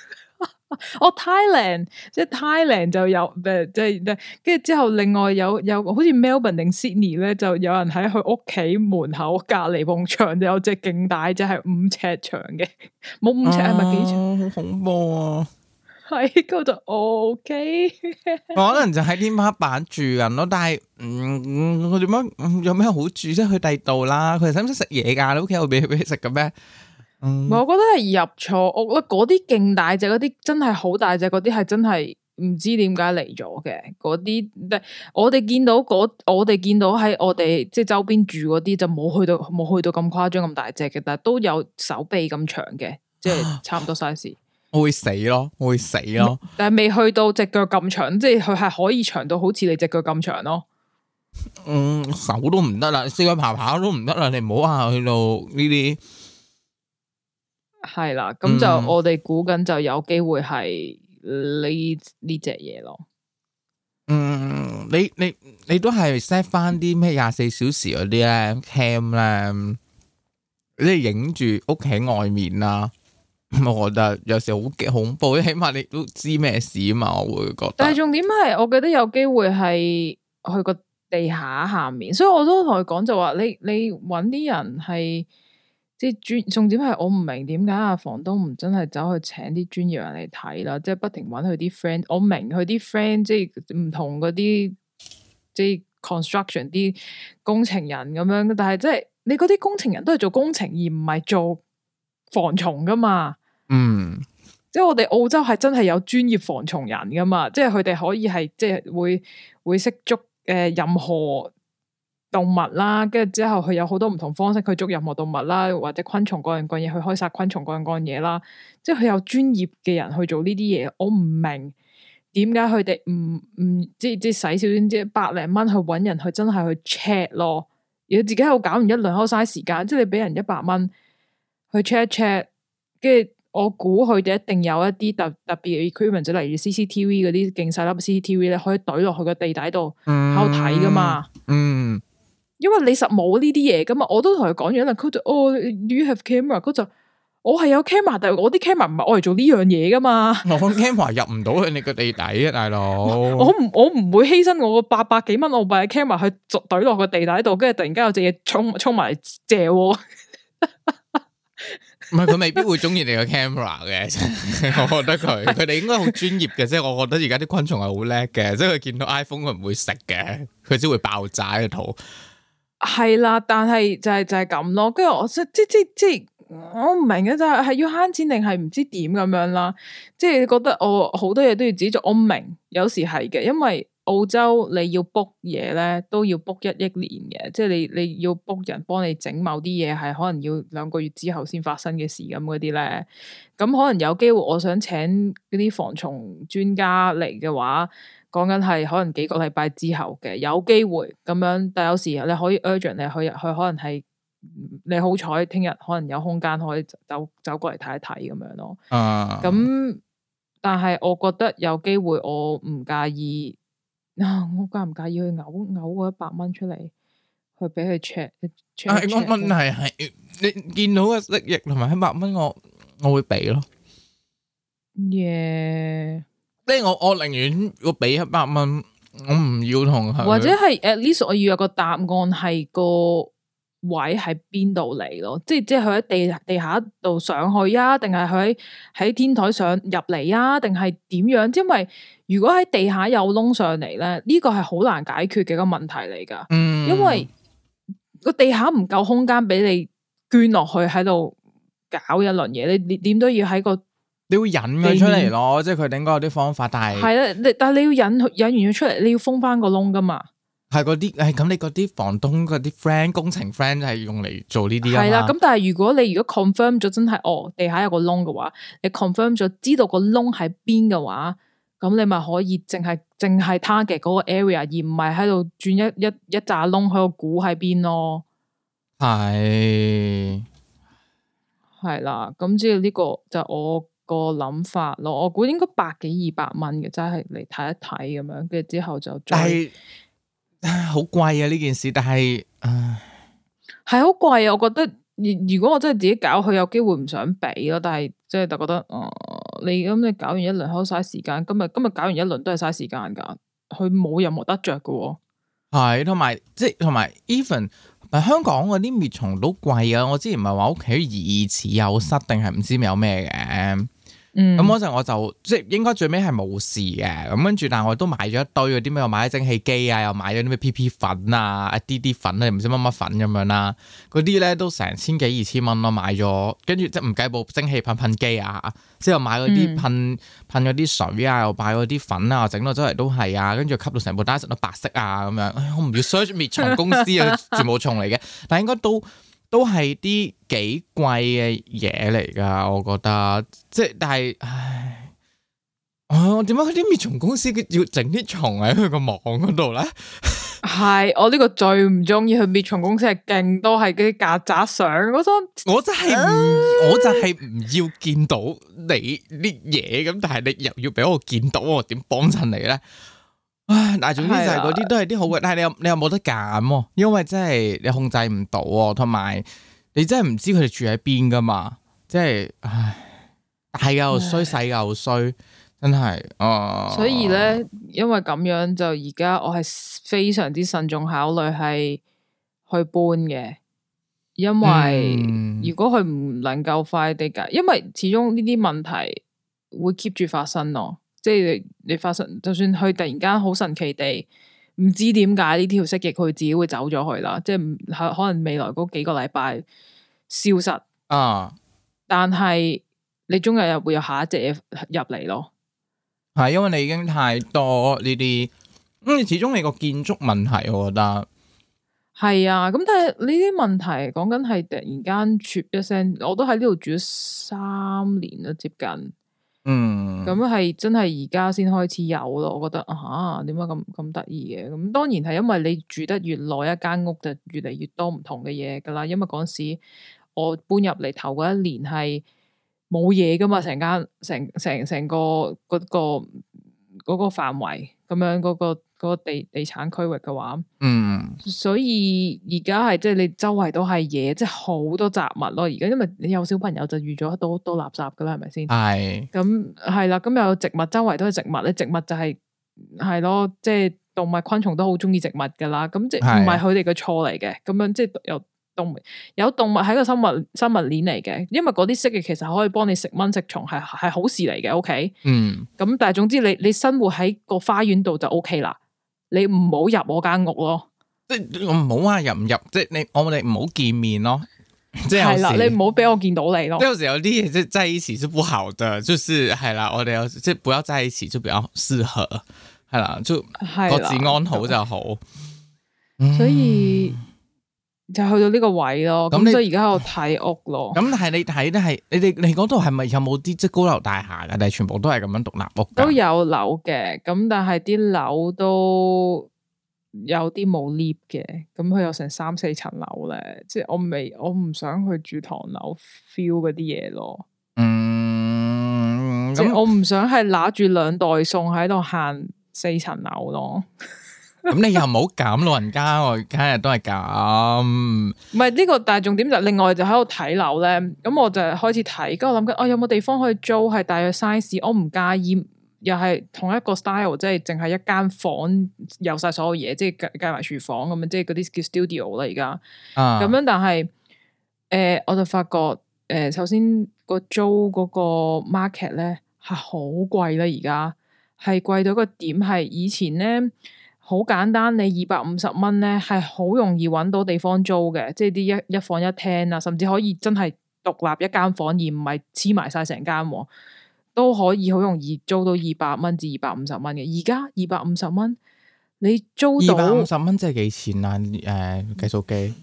哦，Thailand 即係 Thailand 就有，即係跟住之後，另外有有好似 Melbourne 定 Sydney 咧，就有人喺佢屋企門口隔籬埲牆就有隻勁大，即係五尺長嘅，冇五尺係咪幾長？好恐怖啊！係，度就 O K。可能就喺天花板住人咯，但係嗯，佢點樣有咩好住即係佢第二度啦？佢哋使唔使食嘢噶？你屋企有俾俾佢食噶咩？嗯、我覺得係入錯屋啦！嗰啲勁大隻，嗰啲真係好大隻，嗰啲係真係唔知點解嚟咗嘅。嗰啲，即係我哋見到我哋見到喺我哋即係周邊住嗰啲，就冇去到冇去到咁誇張咁大隻嘅，但係都有手臂咁長嘅，即係差唔多 size。我會死咯！我會死咯！但係未去到隻腳咁長，即係佢係可以長到好似你隻腳咁長咯。嗯，手都唔得啦，四腳爬爬都唔得啦，你唔好下去到呢啲。係啦，咁就我哋估緊就有機會係呢呢隻嘢咯。嗯，你你你都係 set 翻啲咩廿四小時嗰啲咧 cam 咧，你影住屋企外面啦、啊。我覺得有時好驚恐怖，起碼你都知咩事啊嘛。我會覺得。但係重點係，我記得有機會係去個地下下面，所以我都同佢講就話，你你揾啲人係。即係專重點係我唔明點解阿房東唔真係走去請啲專業人嚟睇啦，即係不停揾佢啲 friend。我明佢啲 friend 即係唔同嗰啲即係 construction 啲工程人咁樣，但係即係你嗰啲工程人都係做工程而唔係做防蟲噶嘛。嗯，即係我哋澳洲係真係有專業防蟲人噶嘛。即係佢哋可以係即係會會識捉誒、呃、任何。動物啦，跟住之後佢有好多唔同方式去捉任何動物啦，或者昆蟲各樣各樣嘢去開殺昆蟲各樣各樣嘢啦。即係佢有專業嘅人去做呢啲嘢，我唔明點解佢哋唔唔即係即係使少少即百零蚊去搵人去真係去 check 咯。如果自己喺度搞完一輪，好嘥時間。即係你俾人一百蚊去 check check，跟住我估佢哋一定有一啲特特別嘅 equipment，就例如 CCTV 嗰啲勁細粒 CCTV 咧，可以懟落去個地底度喺度睇噶嘛。嗯。因為你實冇呢啲嘢噶嘛，我都同佢講咗啦。佢就哦，do you have camera？佢就我係有 camera，但係我啲 camera 唔係我嚟做呢樣嘢噶嘛。 [laughs] 我部 camera 入唔到去你個地底呀大佬。 [laughs] 我唔我唔會犧牲我個八百幾蚊澳幣嘅 camera 去懟落個地底度，跟住突然間有隻嘢衝衝埋嚟喎。唔係，佢未必會中意你個 camera 嘅，我覺得佢佢哋應該好專業嘅。即係我覺得而家啲昆蟲係好叻嘅，即係佢見到 iPhone 佢唔會食嘅，佢只會爆炸個肚。係啦，但係就係、是、就係、是、咁咯。跟住我即即即我唔明嘅就係係要慳錢定係唔知點咁樣啦。即係你覺得我好多嘢都要自己做。我明有時係嘅，因為澳洲你要 book 嘢咧都要 book 一億年嘅。即係你你要 book 人幫你整某啲嘢，係可能要兩個月之後先發生嘅事咁嗰啲咧。咁可能有機會，我想請嗰啲防蟲專家嚟嘅話。講緊係可能幾個禮拜之後嘅有機會咁樣，但有時候你可以 urgent 你去去可能係你好彩聽日可能有空間可以走走過嚟睇一睇咁樣咯。啊，咁但係我覺得有機會我唔介意，啊、我介唔介意嘔嘔，去嘔嘔嗰一百蚊出嚟去俾佢 check。啊，問題係，係你見到嘅蜥蜴同埋一百蚊，我我會俾咯。y、yeah. 即係我，我寧願我俾一百蚊，我唔要同佢。或者係誒，至少我要有個答案，係個位喺邊度嚟咯？即係即係佢喺地地下度上去啊，定係佢喺喺天台上入嚟啊？定係點樣？因為如果喺地下有窿上嚟咧，呢個係好難解決嘅一個問題嚟噶。嗯，因為個地下唔夠空間俾你捐落去喺度搞一輪嘢，你點點都要喺個。你會引佢出嚟咯，面即係佢哋應該有啲方法，但係係啦，你，啊，但係你要引引完佢出嚟，你要封翻個窿噶嘛？係嗰啲，誒、哎、咁，咁你嗰啲房東嗰啲 friend，工程 friend 係用嚟做呢啲啊？係啦，咁但係如果你如果 confirm 咗真係哦，地下有個窿嘅話，你 confirm 咗知道個窿喺邊嘅話，咁你咪可以淨係淨係 target 嗰個 area，而唔係喺度轉一一一紮窿喺度估喺邊咯。係係啦，咁即係呢個就我。個諗法咯，我估應該百幾二百蚊嘅，真係嚟睇一睇咁樣。跟住之後就，再，係好貴啊！呢件事，但係係好貴啊。我覺得，如果我真係自己搞，佢有機會唔想俾咯。但係即係就覺得，哦、呃，你咁、嗯、你搞完一輪好嘥時間，今日今日搞完一輪都係嘥時間㗎。佢冇任何得着嘅、哦，係同埋即係同埋，even 香港嗰啲滅蟲都貴啊。我之前咪話屋企疑似有蝨，定係唔知有咩嘅。嗯，咁嗰陣我就即係應該最尾係冇事嘅，咁跟住，但係我都買咗一堆嗰啲咩，又買咗蒸汽機啊，又買咗啲咩 PP 粉啊、粉粉一啲啲粉啊，唔知乜乜粉咁樣啦，嗰啲咧都成千幾二千蚊咯，買咗，跟住即唔計部蒸汽噴噴機啊，之後買嗰啲噴噴咗啲水啊，又擺嗰啲粉啊，整到周圍都係啊，跟住吸到成部單車都白色啊，咁樣，唉我唔要 search 滅蟲公司啊， [laughs] 全部蟲嚟嘅，但係應該都。都係啲幾貴嘅嘢嚟噶，我覺得即係，但係，唉，我點解去啲滅蟲公司佢要整啲蟲喺佢個網嗰度咧？係 [laughs] 我呢個最唔中意去滅蟲公司，係勁多係啲曱甴相嗰種。我真係唔，唉我真係唔要見到你啲嘢，咁，但係你又要俾我見到，我點幫襯你咧？哇！但係總之就係嗰啲都係啲好嘅，是啊、但係你又你又冇得揀喎、啊，因為真係你控制唔到啊，同埋你真係唔知佢哋住喺邊噶嘛，即係，唉，大又衰，細又衰，唉 真係哦。呃、所以咧，因為咁樣就而家我係非常之慎重考慮係去搬嘅，因為如果佢唔能夠快啲噶，嗯、因為始終呢啲問題會 keep 住發生咯。即係你發生，就算佢突然間好神奇地唔知點解呢條蜥蜴，佢自己會走咗去啦。即係唔可能未來嗰幾個禮拜消失。啊！但係你中日又會有下一隻嘢入嚟咯。係，因為你已經太多呢啲，咁你、嗯、始終你個建築問題，我覺得係啊。咁但係呢啲問題講緊係突然間 c 一聲，我都喺呢度住咗三年都接近。嗯，咁係真係而家先開始有咯，我覺得啊，點解咁咁得意嘅？咁當然係因為你住得越耐一間屋就越嚟越多唔同嘅嘢噶啦，因為嗰時我搬入嚟頭嗰一年係冇嘢噶嘛，成間成成成個嗰個嗰個範圍。咁樣嗰個、嗰個地地產區域嘅話，嗯，所以而家係即係你周圍都係嘢，即係好多雜物咯。而家因為你有小朋友就預咗好多多垃圾噶是、嗯、啦，係咪先？係咁係啦，咁有植物周圍都係植物，你植物就係係咯，即係動物昆蟲都好中意植物噶啦。咁即係唔係佢哋嘅錯嚟嘅，咁是 樣即係又。動物有動物喺個生物生物鏈嚟嘅，因為嗰啲蜥蜴其實可以幫你食蚊食蟲，係係好事嚟嘅。OK，嗯，咁但係總之你你生活喺個花園度就 OK 啦，你唔好入我間屋咯。即係我唔好話入唔入，即係你我哋唔好見面咯。係啦，你唔好俾我見到你咯。就是有啲嘢，係在一起是不好的，就是係啦，我哋有就不要在一起就比較適合，係啦，就各自啦安好就好。所以。嗯就去到呢個位咯，咁所以而家喺度睇屋咯。咁但係你睇咧，係你哋你嗰度係咪有冇啲即高樓大廈噶？但係全部都係咁樣獨立屋？都有樓嘅，咁但係啲樓都有啲冇 lift 嘅，咁佢有成三四層樓咧，即係我未，我唔想去住唐樓 feel 嗰啲嘢咯。嗯，咁我唔想係拿住兩袋餸喺度行四層樓咯。咁 [laughs] 你又唔好減老人家，我今日都係咁。唔係呢個，大重點就另外就喺度睇樓咧。咁我就開始睇，跟住我諗緊，我、哦、有冇地方可以租，係大約 size，我唔介意，又係同一個 style，即係淨係一間房有晒所有嘢，即係計埋廚房咁樣，即係嗰啲叫 studio 啦。而家咁樣但，但係誒，我就發覺誒、呃，首先個租嗰個 market 咧係好貴啦，而家係貴到一個點係以前咧。好簡單，你二百五十蚊咧，係好容易揾到地方租嘅，即係啲一一房一廳啊，甚至可以真係獨立一間房而唔係黐埋晒成間，都可以好容易租到二百蚊至二百五十蚊嘅。而家二百五十蚊，你租到二百五十蚊，即係幾錢啊？誒、呃，計數機，誒、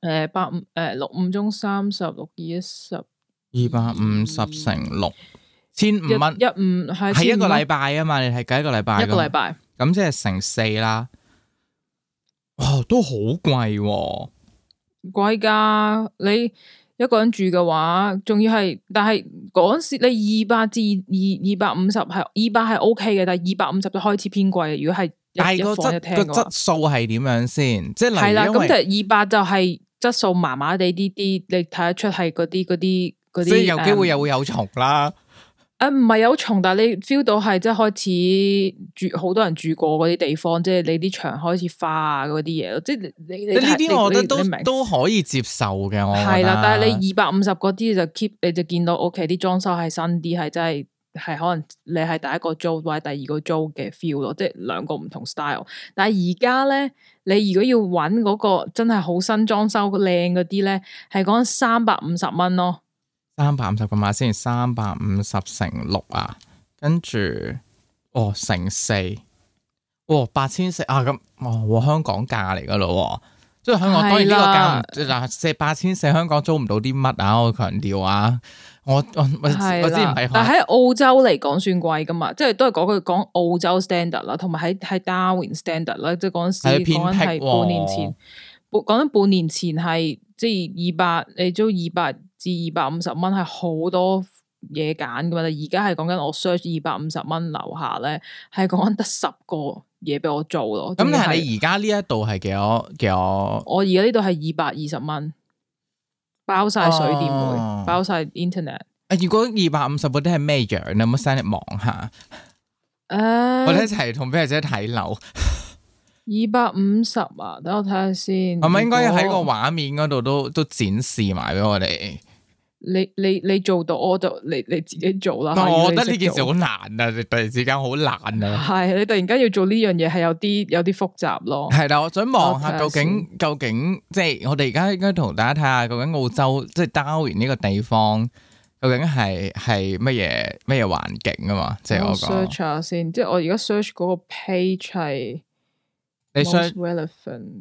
嗯，百五誒六五中三十六二一十二,二百五十乘六千五蚊，一五係係一個禮拜啊嘛？你係計一個禮拜，一個禮拜。咁即係乘四啦，哇，都好貴，啊，貴噶！你一個人住嘅話，仲要係，但係嗰時你二百至二二百五十係二百係 O K 嘅，但係二百五十就開始偏貴。如果係一房一廳，但係，個質素係點樣先？即係係啦，咁就二百就係質素麻麻地啲啲，你睇得出係嗰啲嗰啲嗰啲，即係有機會又會有蟲啦。誒，唔係、啊、有蟲，但係你 feel 到係即係開始住好多人住過嗰啲地方，即係你啲牆開始化嗰啲嘢咯，即係你呢啲，我覺得都都，都可以接受嘅。我係啦，但係你二百五十嗰啲就 keep，你就見到屋企啲裝修係新啲，係真係係可能你係第一個租或者第二個租嘅 feel 咯，即係兩個唔同 style。但係而家咧，你如果要揾嗰個真係好新裝修靚嗰啲咧，係講三百五十蚊咯。三百五十個碼先，三百五十乘六、哦哦、啊，跟住哦乘四，哦、嗯、啦八千四啊咁，哦香港價嚟噶咯，即係香港當然呢個價嗱四八千四香港租唔到啲乜啊，我強調啊，我我我知唔係，啦但喺澳洲嚟講算貴噶嘛，即係都係講句講澳洲 standard 啦，同埋喺喺 Darwin standard 啦，即係嗰陣時係偏僻、啊、半年前，講緊半年前係即係二百，你租二百。至二百五十蚊係好多嘢揀噶嘛，而家係講緊我 search 二百五十蚊樓下咧，係講緊得十個嘢俾我做咯。咁、嗯、你而家呢一度係幾多？幾多？我而家呢度係二百二十蚊，包晒水電費，哦、包晒 internet。誒、啊，如果二百五十嗰啲係咩樣？你有冇 send 嚟望下？嗯、我哋一齊同表姐睇樓。二百五十啊，等我睇下先。係咪應該喺個畫面嗰度都果都展示埋俾我哋？你你你做到我就你你自己做啦。但係我覺得呢件事好難啊！你突然之間好難啊。係你突然間要做呢樣嘢，係有啲有啲複雜咯。係啦，我想望下究竟究竟，即係我哋而家應該同大家睇下究竟澳洲即係 Darwin 呢個地方究竟係係乜嘢乜嘢環境啊？嘛，即係我講 search 下先。即係我而家 search 嗰個 page 係你 search，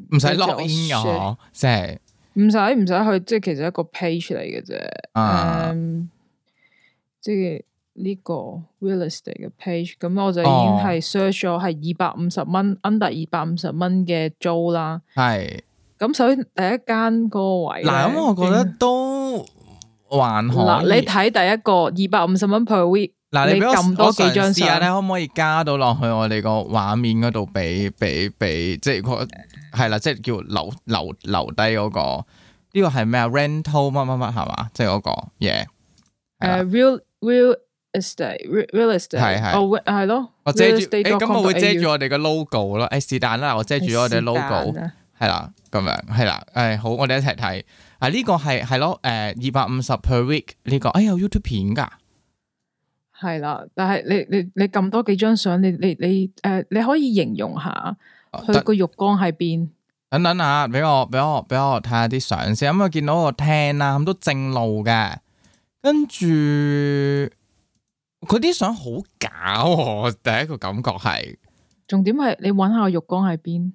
唔使 lock in 啊，即係 relevant,。唔使唔使去，即係其實一個 page 嚟嘅啫，啊 um，即係呢個 real estate 嘅 page，咁我就已經係 search 咗係二百五十蚊，under 二百五十蚊嘅租啦，係是，咁首先第一間嗰個位，嗱，咁我覺得都還好。嗱，你睇第一個二百五十蚊 per week。嗱，你撳多幾張先啊！你可唔可以加到落去我哋個畫面嗰度？俾俾俾，即係個係啦，即係叫留留留低嗰個呢個係咩啊？Rental 乜乜乜係嘛？即係嗰個嘢。誒、uh，real real estate, real estate，係係、欸，係咯。我遮住，誒咁我會遮住我哋嘅 logo 咯。誒是但啦，我遮住咗我哋 logo，係啦，咁樣係啦，誒好，我哋一齊睇。啊呢個係係咯，誒二百五十 per week 呢個，哎呀、哎、YouTube 片㗎。係啦，但係你你你咁多幾張相，你你你誒、呃，你可以形容下佢個浴缸喺邊、哦？等等吓，俾我俾我俾我睇下啲相先，咁為見到個廳啦，咁都正路嘅，跟住佢啲相好假，第一個感覺係，重點係你揾下個浴缸喺邊。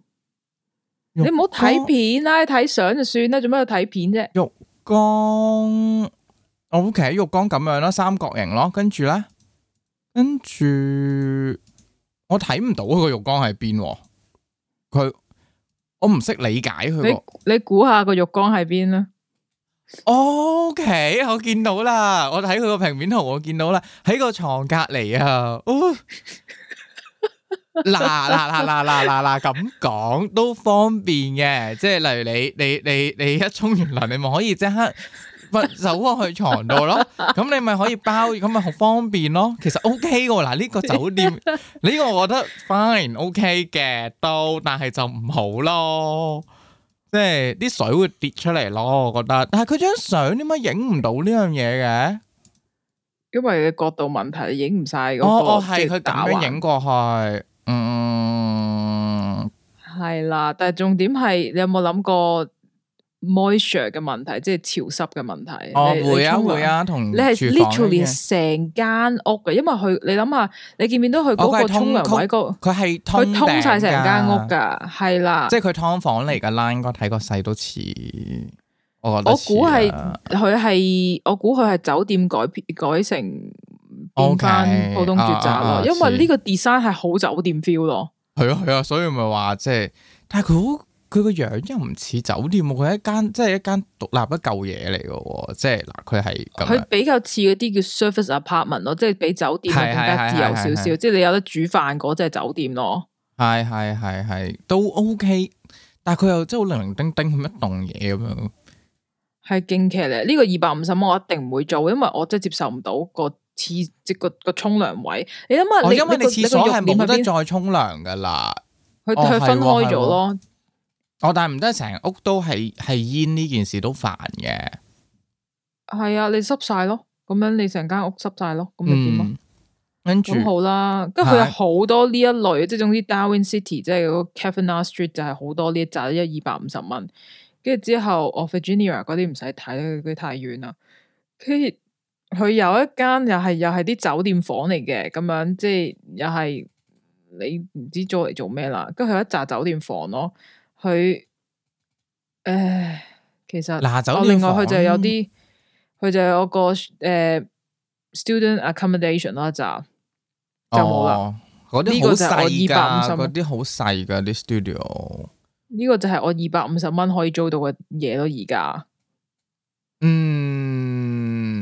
你唔好睇片啦，睇相就算啦，做咩要睇片啫？浴缸，我屋企喺浴缸咁、okay, 樣咯，三角形咯，跟住咧。跟住，我睇唔到佢個浴缸喺邊，佢我唔識理解佢。你你估下個浴缸喺邊啦？OK，我見到啦，我睇佢個平面圖，我見到啦，喺個床隔籬啊。嗱嗱嗱嗱嗱嗱嗱，咁講都方便嘅，即係例如你你你你一沖完涼，你咪可以即刻。咪走過去床度咯，咁你咪可以包，咁咪好方便咯。其實 OK 嘅，嗱呢個酒店呢個我覺得 fine，OK 嘅都，但係就唔好咯，即係啲水會跌出嚟咯。我覺得，但係佢張相點解影唔到呢樣嘢嘅？因為角度問題，影唔晒。哦哦，係佢咁樣影過去，嗯，係啦。但係重點係你有冇諗過？moisture 嘅問題，即係潮濕嘅問題。我會啊會啊，同你係 literally 成間屋嘅，因為佢你諗下，你見唔見到佢嗰個沖涼位？佢係通晒成間屋噶，係啦。即係佢湯房嚟噶啦，應該睇個細都似我。我估係佢係，我估佢係酒店改編改成變翻普通住宅咯，因為呢個 design 係好酒店 feel 咯。係啊係啊，所以咪話即係，但係佢好。佢個樣又唔似酒店，佢係一間即係一間獨立一嚿嘢嚟嘅，即係嗱，佢係佢比較似嗰啲叫 service apartment 咯，即係比酒店更加自由少少，即係你有得煮飯嗰隻係酒店咯。係係係係都 OK，但係佢又真係好零零丁丁咁一棟嘢咁樣。係勁奇咧，呢個二百五十蚊我一定唔會做，因為我真係接受唔到、嗰個廁即、嗰個即、嗰個沖涼、嗰個、位。你諗下，我因為你廁所係冇得再沖涼㗎喇，佢佢、哦、分開咗咯。我、哦、但係唔得，成屋都係係煙呢件事都煩嘅，係啊，你濕晒咯，咁樣你成間屋濕晒咯，咁咪點咯？跟住好啦，跟住、啊，佢有好多呢一類，即係總之，Darwin City 即係嗰 Cavanaugh Street 就係好多呢一紮，一二百五十蚊。跟住之後，我 Virginia 嗰啲唔使睇，佢太遠啦。佢佢有一間又係又係啲酒店房嚟嘅，咁樣即係又係你唔知做嚟做咩啦。跟住。佢有一紮酒店房咯。佢誒，其實嗱走我另外佢就有啲，佢就有個誒、呃、student accommodation 咯，就就冇啦。嗰啲好細噶，嗰啲好細噶啲 studio。呢個就係我二百五十蚊可以租到嘅嘢咯，而家嗯。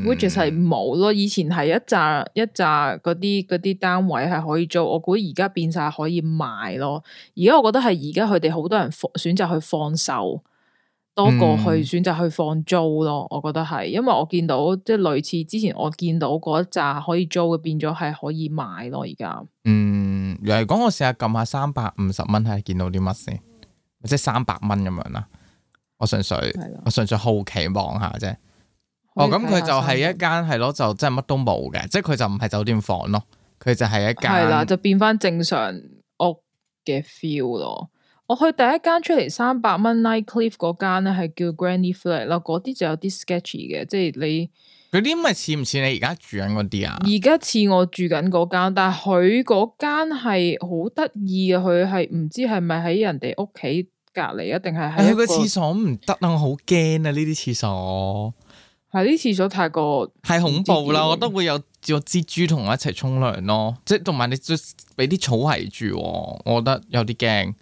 w h i c 係冇咯，嗯、以前係一扎一扎嗰啲啲單位係可以租，我估而家變晒可以賣咯。而家我覺得係而家佢哋好多人選擇去放售，多過去選擇去放租咯。我覺得係，因為我見到即係類似之前我見到嗰扎可以租嘅變咗係可以賣咯。而家嗯，原來講我試，試下撳下三百五十蚊係見到啲乜先，嗯、即係三百蚊咁樣啦。我純粹，的我純粹好期望下啫。哦，咁佢就係一間係咯，就真係乜都冇嘅，即係佢就唔係酒店房咯，佢就係一間係啦，就變翻正常屋嘅 feel 咯。我去第一間出嚟三百蚊 Night Cliff 嗰間咧，係叫 Granny Flat 啦，嗰啲就有啲 sketchy 嘅，即係你嗰啲咪似唔似你而家住緊嗰啲啊？而家似我住緊嗰間，但係佢嗰間係好得意啊！佢係唔知係咪喺人哋屋企隔籬啊，定係喺個廁、哎嗰個、所唔得啊！我好驚啊！呢啲廁所。係啲廁所太過，係恐怖啦！我覺得會有有蜘蛛同我一齊沖涼咯，即係同埋你再俾啲草圍住，我覺得有啲驚。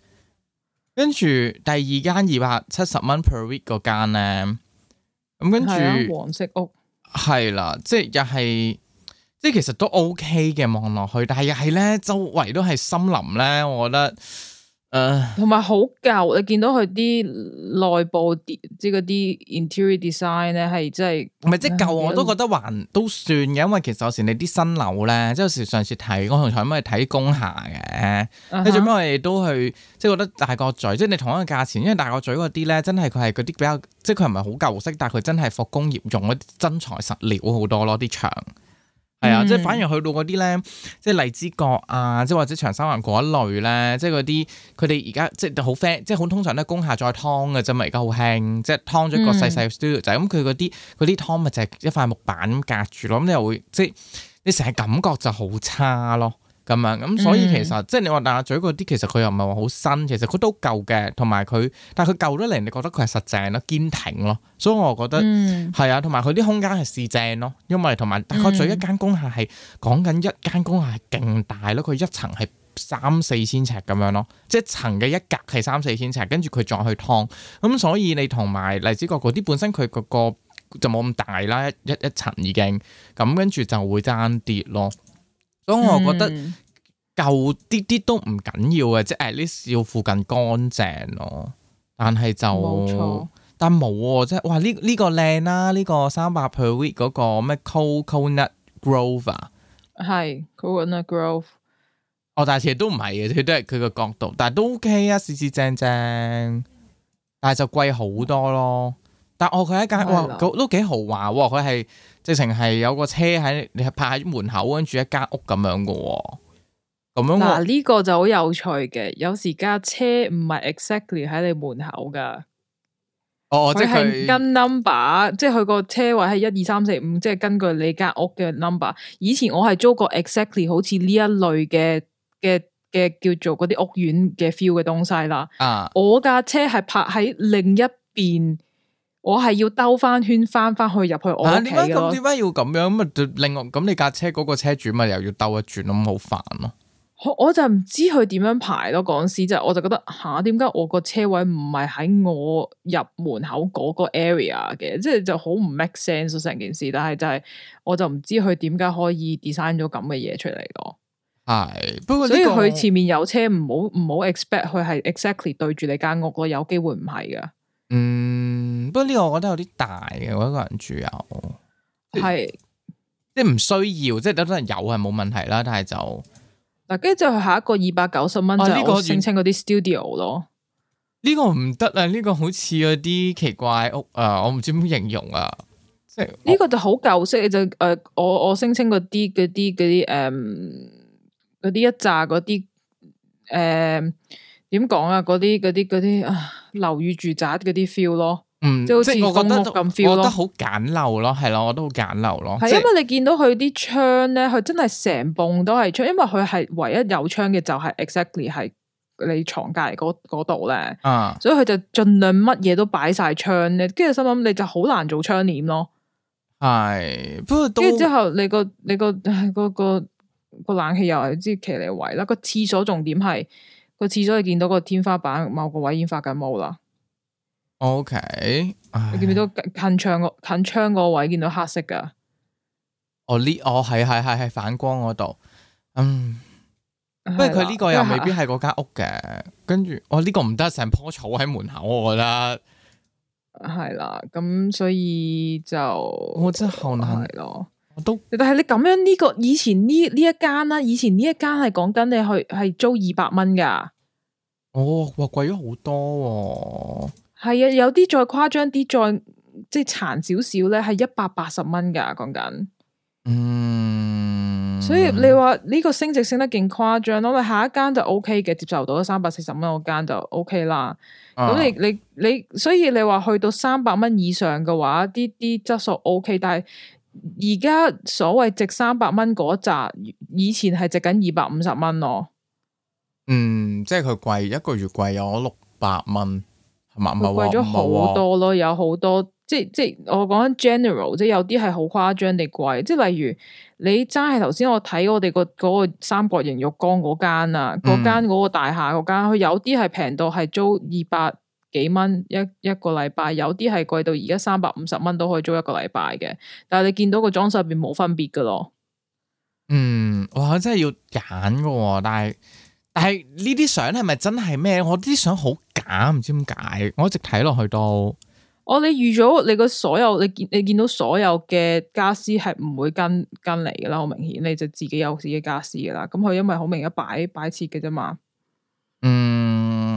跟住第二間二百七十蚊 per week 嗰間咧，咁跟住黃色屋係啦，即係又係，即係其實都 OK 嘅望落去，但係又係咧周圍都係森林咧，我覺得。誒，同埋好舊，你見到佢啲內部啲即係嗰啲 interior design 咧，係即係唔係即係舊，我都覺得還都算嘅。因為其實有時你啲新樓咧，即係有時上次提我同彩妹去睇工廈嘅，你做咩？我哋都去即係覺得大角咀，即係你同一個價錢，因為大角咀嗰啲咧，真係佢係嗰啲比較，即係佢唔係好舊式，但係佢真係復工業用嗰啲真材實料好多咯，啲牆。係啊，即係反而去到嗰啲咧，即係荔枝角啊，即係或者長沙灣嗰一類咧，即係嗰啲佢哋而家即係好 fair，即係好通常咧，工廈再劏嘅啫嘛，而家好興，即係劏咗個細細 studio 仔。咁，佢嗰啲嗰啲劏咪就係一塊木板隔住咯，咁你又會即係你成日感覺就好差咯。咁樣咁，所以其實即係你話大角咀嗰啲，其實佢又唔係話好新，其實佢都舊嘅，同埋佢，但係佢舊咗嚟，你覺得佢係實正咯，堅挺咯，所以我覺得係、嗯、啊，同埋佢啲空間係市正咯，因為同埋大角咀一間工廈係講緊一間工廈係勁大咯，佢一層係三四千尺咁樣咯，即係層嘅一格係三四千尺，跟住佢再去劏，咁所以你同埋荔枝角嗰啲本身佢嗰個就冇咁大啦，一一,一層已經咁跟住就會爭跌咯。所、嗯、我覺得舊啲啲都唔緊要嘅，即係 at least 要附近乾淨咯。但係就，錯但冇啊，即係哇呢呢、這個靚啦，呢、這個三百、啊這個、per week 嗰、那個咩 Coconut Grove，係、啊、Coconut Grove。我、哦、但係其實都唔係嘅，佢都係佢個角度，但係都 OK 啊，四四正正，但係就貴好多咯。但係我佢一間的哇，都幾豪華喎，佢係。即成係有個車喺你係泊喺門口，跟住一間屋咁樣嘅、喔，咁樣嗱呢、啊這個就好有趣嘅。有時架車唔係 exactly 喺你門口噶，哦，即係跟 number，即係佢個車位係一二三四五，即係根據你間屋嘅 number。以前我係租過 exactly 好似呢一類嘅嘅嘅叫做嗰啲屋苑嘅 feel 嘅東西啦。啊，我架車係泊喺另一邊。我係要兜翻圈翻翻去入去我屋企咯。吓，點解咁？點解要咁樣？咁啊，另外咁，你架車嗰個車主咪又要兜一轉咁，好煩咯。我就唔知佢點樣排咯。嗰時就我就覺得吓，點解我個車位唔係喺我入門口嗰個 area 嘅？即係就好唔 make sense 成、啊、件事。但係就係、是，我就唔知佢點解可以 design 咗咁嘅嘢出嚟咯。係、哎，不過、這個、所以佢前面有車，唔好唔好 expect 佢係 exactly 對住你間屋咯，有機會唔係噶。嗯，不過呢個我覺得有啲大嘅，我一個人住有，係是，即係唔需要，即係都都係有係冇問題啦。但係就嗱，跟住就下一個二百九十蚊就呢個聲稱嗰啲 studio 咯。呢個唔得啊，呢、這個個,這個好似嗰啲奇怪屋啊、呃，我唔知點形容啊。即係呢個就好舊式，就誒、是呃，我我聲稱嗰啲嗰啲嗰啲誒，嗰啲、嗯、一扎嗰啲誒。嗯點講啊？嗰啲嗰啲嗰啲啊，樓宇住宅嗰啲 feel 咯，嗯，即係是我覺得覺我覺得好簡陋咯，係咯，我都好簡陋咯。係即因為你見到佢啲窗咧，佢真係成棟都係窗，因為佢係唯一有窗嘅就係 exactly 係你床隔籬嗰度咧。啊，所以佢就盡量乜嘢都擺晒窗咧。跟住心諗你就好難做窗簾咯。係，哎，不過跟住之後你個你個個個冷氣又係支騎呢位啦。個廁所重點係。個廁所見到個天花板某個位已經發緊毛啦。O、okay, K，唉你見唔見到近窗近窗嗰個位見到黑色㗎？哦呢，哦係係係係反光嗰度。嗯、um, 的，不過佢呢個又未必係嗰間屋嘅。嗯、跟住，哦，呢、這個唔得，成棵草喺門口，我覺得係啦。咁所以就我真係好難咯。都，但係你咁樣呢個以前呢呢一間啦、啊，以前呢一間係講緊你去係租二百蚊噶，哦，哇貴咗好多、哦。係啊，有啲再誇張啲，再即係殘少少咧，係一百八十蚊噶。講緊，嗯，所以你話呢個升值升得勁誇張咯。你下一間就 O K 嘅，接受到三百四十蚊嗰間就 O K 啦。咁、啊、你你你，所以你話去到三百蚊以上嘅話，啲啲質素 OK，但係。而家所謂值三百蚊嗰扎，以前係值緊二百五十蚊咯。嗯，即係佢貴一個月貴咗六百蚊，係嘛？咪貴咗好多咯，個有好多即係即係我講緊 general，即係有啲係好誇張地貴。即係例如你爭係頭先我睇我哋，嗰個，嗰個三角形浴缸嗰間啊，嗰間嗰個大廈嗰間，佢有啲係平到係租二百。幾蚊一一個禮拜，有啲係貴到而家三百五十蚊都可以租一個禮拜嘅，但係你見到個裝飾入邊冇分別噶咯。嗯，哇，真係要揀噶，但係但係呢啲相係咪真係咩？我啲相好假，唔知點解，我一直睇落去都。哦，你預咗你個所有，你見你見到所有嘅家私係唔會跟跟嚟噶啦，好明顯，你就自己有自己家私噶啦。咁佢因為好明擺，一擺擺設嘅啫嘛。嗯。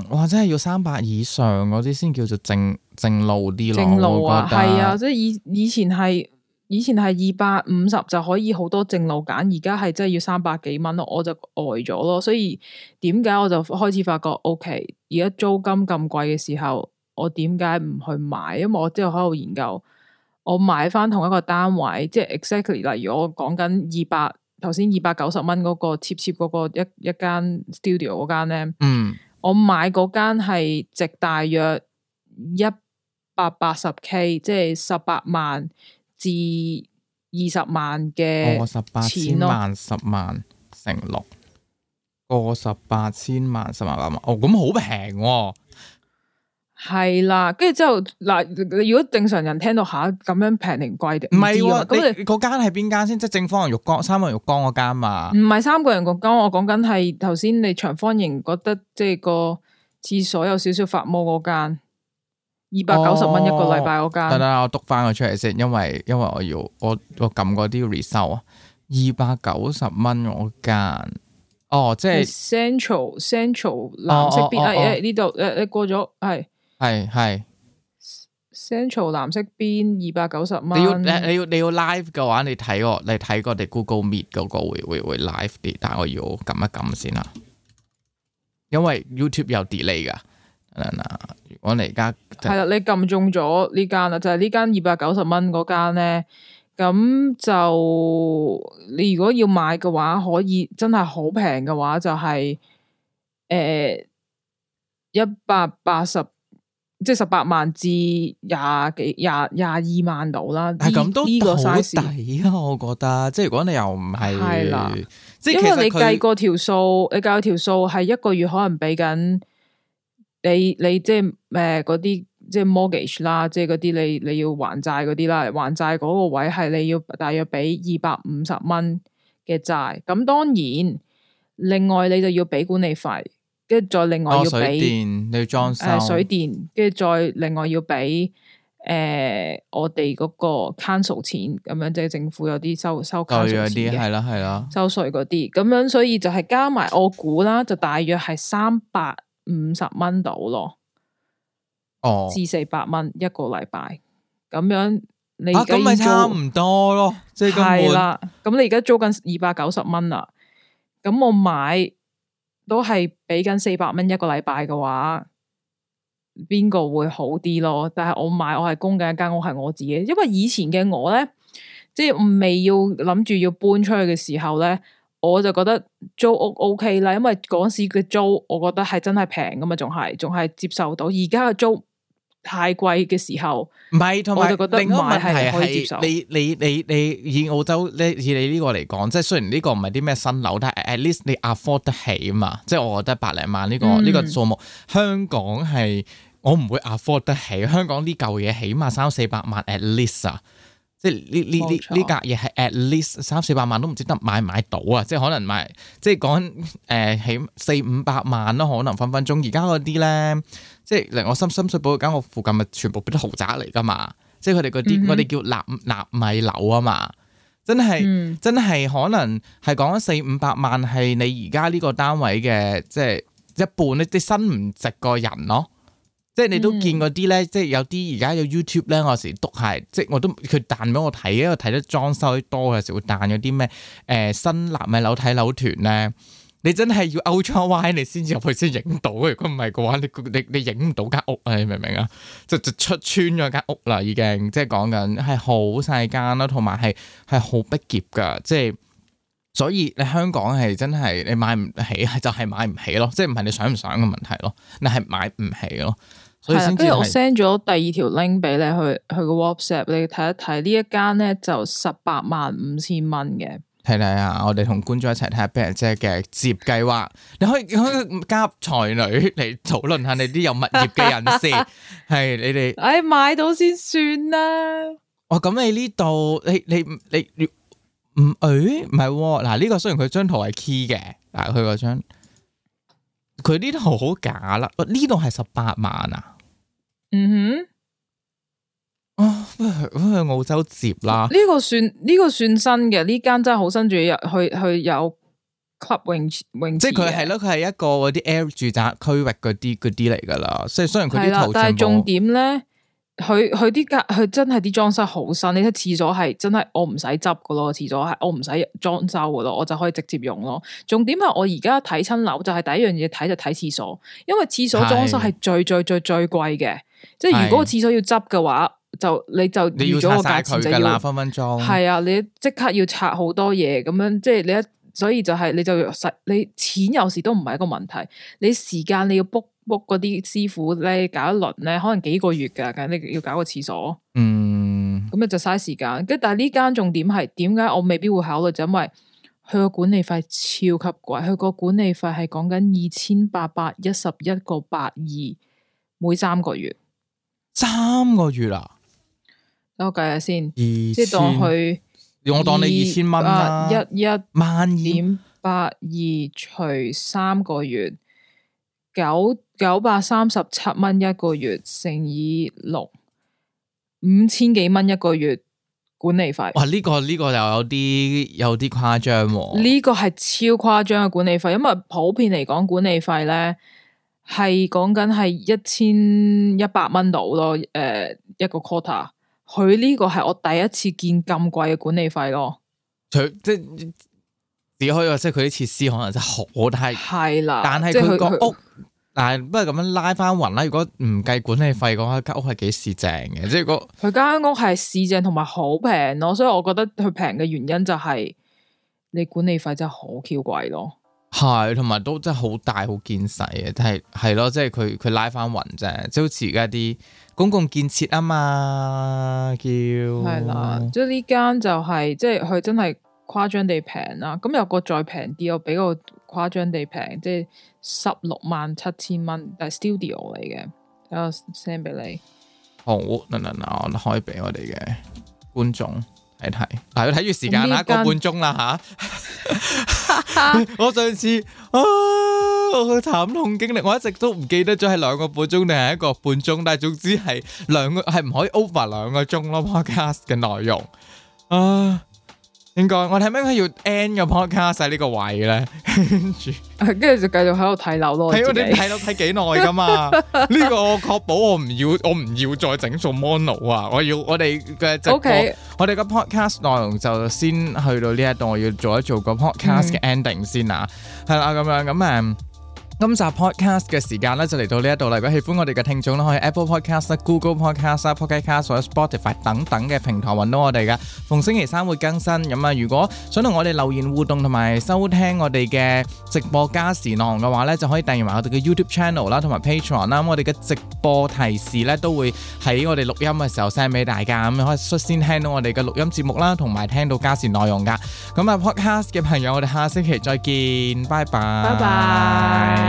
哇！真係要三百以上嗰啲先叫做正正路啲咯，正路，正路覺啊，係啊！即係以以前係以前係二百五十就可以好多正路揀，而家係真係要三百幾蚊咯，我就呆咗咯。所以點解我就開始發覺，OK，而家租金咁貴嘅時候，我點解唔去買？因為我之後喺度研究，我買翻同一個單位，即係 exactly，例如我講緊二百，頭先二百九十蚊嗰個 cheap cheap 嗰個一一間 studio 嗰間咧，嗯。我買嗰間係值大約一百八十 k，即係十八萬至二十萬嘅。個十八千萬十萬乘六，個十八千萬十萬八萬,萬，哦咁好平喎。係啦，跟住之後嗱，如果正常人聽到下咁樣平定貴定？唔係喎，嗰間係邊間先？即係正方形浴缸、三個人浴缸嗰間嘛？唔係三個人浴缸，我講緊係頭先你長方形覺得即係個廁所有少少發毛嗰間，二百九十蚊一個禮拜嗰間。等等，我讀翻佢出嚟先，因為因為我要我我撳嗰啲 result 啊，二百九十蚊嗰間，哦，即係 central central 藍色邊誒誒呢度誒誒過咗係。係係，Central 藍色邊二百九十蚊。你要你要你要 live 嘅話，你睇我，你睇我哋 Google Meet 嗰個會會會 live 啲。但係我要撳一撳先啦，因為 YouTube 有 delay 㗎。嗱，我哋而家係啦，你撳中咗呢間啦，就係呢間二百九十蚊嗰間咧。咁就你如果要買嘅話，可以真係好平嘅話，就係誒一百八十。欸即係十八萬至廿幾廿廿二萬度啦，但係咁都呢個好抵啊，我覺得。即係如果你又唔係，係啦的，即係其實因為你計個條數，你計個條數係一個月可能俾緊你你即係誒嗰啲即係 mortgage 啦，即係嗰啲你你要還債嗰啲啦，還債嗰個位係你要大約俾二百五十蚊嘅債，咁當然另外你就要俾管理費。跟住再另外要俾、哦，水電，你要裝修、水電，跟住再另外要俾，誒、呃、我哋嗰個 Council 錢咁樣，即係政府有啲收收 Council 錢嘅，係啦係啦，收稅嗰啲，咁樣所以就係加埋我估啦，就大約係三百五十蚊到咯，哦，至四百蚊一個禮拜，咁樣你咁咪、啊啊、差唔多咯，即係咁，係啦，咁你而家租緊二百九十蚊啦，咁我買。都係俾緊四百蚊一個禮拜嘅話，邊個會好啲咯？但係我買我係供緊一間屋係我自己，因為以前嘅我咧，即係未要諗住要搬出去嘅時候咧，我就覺得租屋 OK 啦，因為嗰時嘅租我覺得係真係平㗎嘛，仲係仲係接受到。而家嘅租。太貴嘅時候，唔係，同埋另一個問題係你可以接受你你你，你，你以澳洲咧以你呢個嚟講，即係雖然呢個唔係啲咩新樓，但係 at least 你 afford 得起嘛。即係我覺得百零萬呢，這個呢、嗯、個數目，香港係我唔會 afford 得起。香港呢舊嘢起碼三四百萬 at least 啊，即係呢呢呢呢格嘢係 at least 三四百萬都唔知得買唔買到啊！即係可能買，即係講誒起四五百萬啦，可能分分鐘。而家嗰啲咧。呢即係嚟我深深水埗間屋附近咪全部啲豪宅嚟噶嘛？即係佢哋嗰啲，我哋、mm hmm. 叫納納米樓啊嘛！真係、mm hmm. 真係可能係講四五百萬係你而家呢個單位嘅即係一半，即係新唔值個人咯。即係你都見嗰啲咧，即係有啲而家有 YouTube 咧，我時篤鞋，即係我都佢彈俾我睇，因為我睇得裝修多嘅時候會彈嗰啲咩誒新納米樓睇樓團咧。你真係要 out 窗外你先至入去先影到，如果唔係嘅話，你你你影唔到間屋啊！你明唔明啊？就就出穿咗間屋啦，已經即係講緊係好細間啦，同埋係係好迫狹噶，即係所以你香港係真係你買唔起啊，就係、是、買唔起咯，即係唔係你想唔想嘅問題咯，你係買唔起咯。所以跟住我 send 咗第二條 link 俾你去去個 WhatsApp，你睇一睇呢一間咧就十八萬五千蚊嘅。睇睇下，我哋同觀眾一齊睇 Ben 姐嘅接計劃。你可以可以加入才女嚟，討論下你啲有物業嘅人士。係 [laughs] 你哋，唉、 [laughs] 哎，買到先算啦，啊。哦，咁你呢度，你你你，唔，誒，唔係，嗱，喔，呢，這個雖然佢張圖係 key 嘅，嗱，佢嗰張，佢呢度好假啦。哇，呢度係十八萬啊。嗯哼。啊！咁、哦、去澳洲接啦，呢個算呢、呢個算新嘅，呢間真係好新，住入去去有 club 泳池泳池，即係佢係咯，佢係一個嗰啲 air 住宅區域嗰啲啲嚟噶啦，所以雖然佢啲但係重點咧，佢佢啲佢真係啲裝修好新，你睇廁所係真係我唔使執噶咯，廁所係我唔使裝修噶咯，我就可以直接用咯。重點係我而家睇親樓就係、是、第一樣嘢睇就睇、是、廁所，因為廁所裝修係最最，最最最最貴嘅的，即係如果個廁所要執嘅話。就你就預咗個價錢就啦，分分鐘係啊！你即刻要拆好多嘢，咁樣即係你一，所以就係你就實你錢有時都唔係一個問題，你時間你要 book book 嗰啲師傅咧搞一輪咧，可能幾個月噶咁你要搞個廁所，嗯，咁啊就嘥時間。跟但係呢間重點係點解我未必會考慮，就因為佢個管理費超級貴，佢個管理費係講緊二千八百一十一個八二每三個月，三個月啊！等我計下先，2000? 即係當佢我當你二千蚊一一萬點八二除三個月，九九百三十七蚊一個月乘以六，五千幾蚊一個月管理費。哇！呢、這個呢、這個又有啲有啲誇張喎。呢、啊、個係超誇張嘅管理費，因為普遍嚟講管理費咧係講緊係一千一百蚊到咯，誒、呃、一個 quarter。佢呢個係我第一次見咁貴嘅管理費咯，佢即係只可以話，即係佢啲設施可能真係好，但係但係啦，但係佢個屋，但係不過咁樣拉翻勻啦。如果唔計管理費嘅話，間、那個、屋係幾市正嘅，即係佢間屋係市正同埋好平咯，所以我覺得佢平嘅原因就係你管理費真係好 Q 貴咯，係，同埋都真係好大好見使嘅，但係係咯，即係佢佢拉翻勻啫，即係好似而家啲。公共建設啊嘛，叫係、yeah, 啦，即係呢間就係即係佢真係誇張地平啦。咁有個再平啲，我比較誇張地平，即係十六萬七千蚊，但係 studio 嚟嘅，我 send 俾你。好，嗱嗱嗱，可以俾我哋嘅觀眾。係係，係要睇住時間啦，一間一個半鐘啦吓。啊、 [laughs] [laughs] [laughs] 我上次啊，我慘痛經歷，我一直都唔記得咗係兩個半鐘定係一個半鐘，但係總之係兩個係唔可以 over 兩個鐘咯。Podcast 嘅內容啊。應該我睇咩佢要 end 個 podcast 喺呢個位咧，跟住，跟住就繼續喺度睇樓咯，啊。係， [laughs] 你睇樓睇幾耐噶嘛？呢 [laughs] 個我確保我唔要，我唔要再整做 mono 啊！我要我哋嘅 OK。我哋個 podcast 內容就先去到呢一度，我要做一做個 podcast 嘅 ending 先啊！係啦，嗯，咁樣咁誒。今集 podcast 嘅時間咧就嚟到呢一度啦！如果喜歡我哋嘅聽眾咧，可以 Apple Podcast 啦、Google Podcast 啦、Pocket Cast 或者 Spotify 等等嘅平台揾到我哋噶。逢星期三會更新。咁啊，如果想同我哋留言互動同埋收聽我哋嘅直播加時內容嘅話咧，就可以訂閱埋我哋嘅 YouTube Channel 啦，同埋 Patreon 啦。咁我哋嘅直播提示咧都會喺我哋錄音嘅時候 send 俾大家，咁樣可以率先聽到我哋嘅錄音節目啦，同埋聽到加時內容噶。咁啊，podcast 嘅朋友，我哋下星期再見，拜拜，拜拜。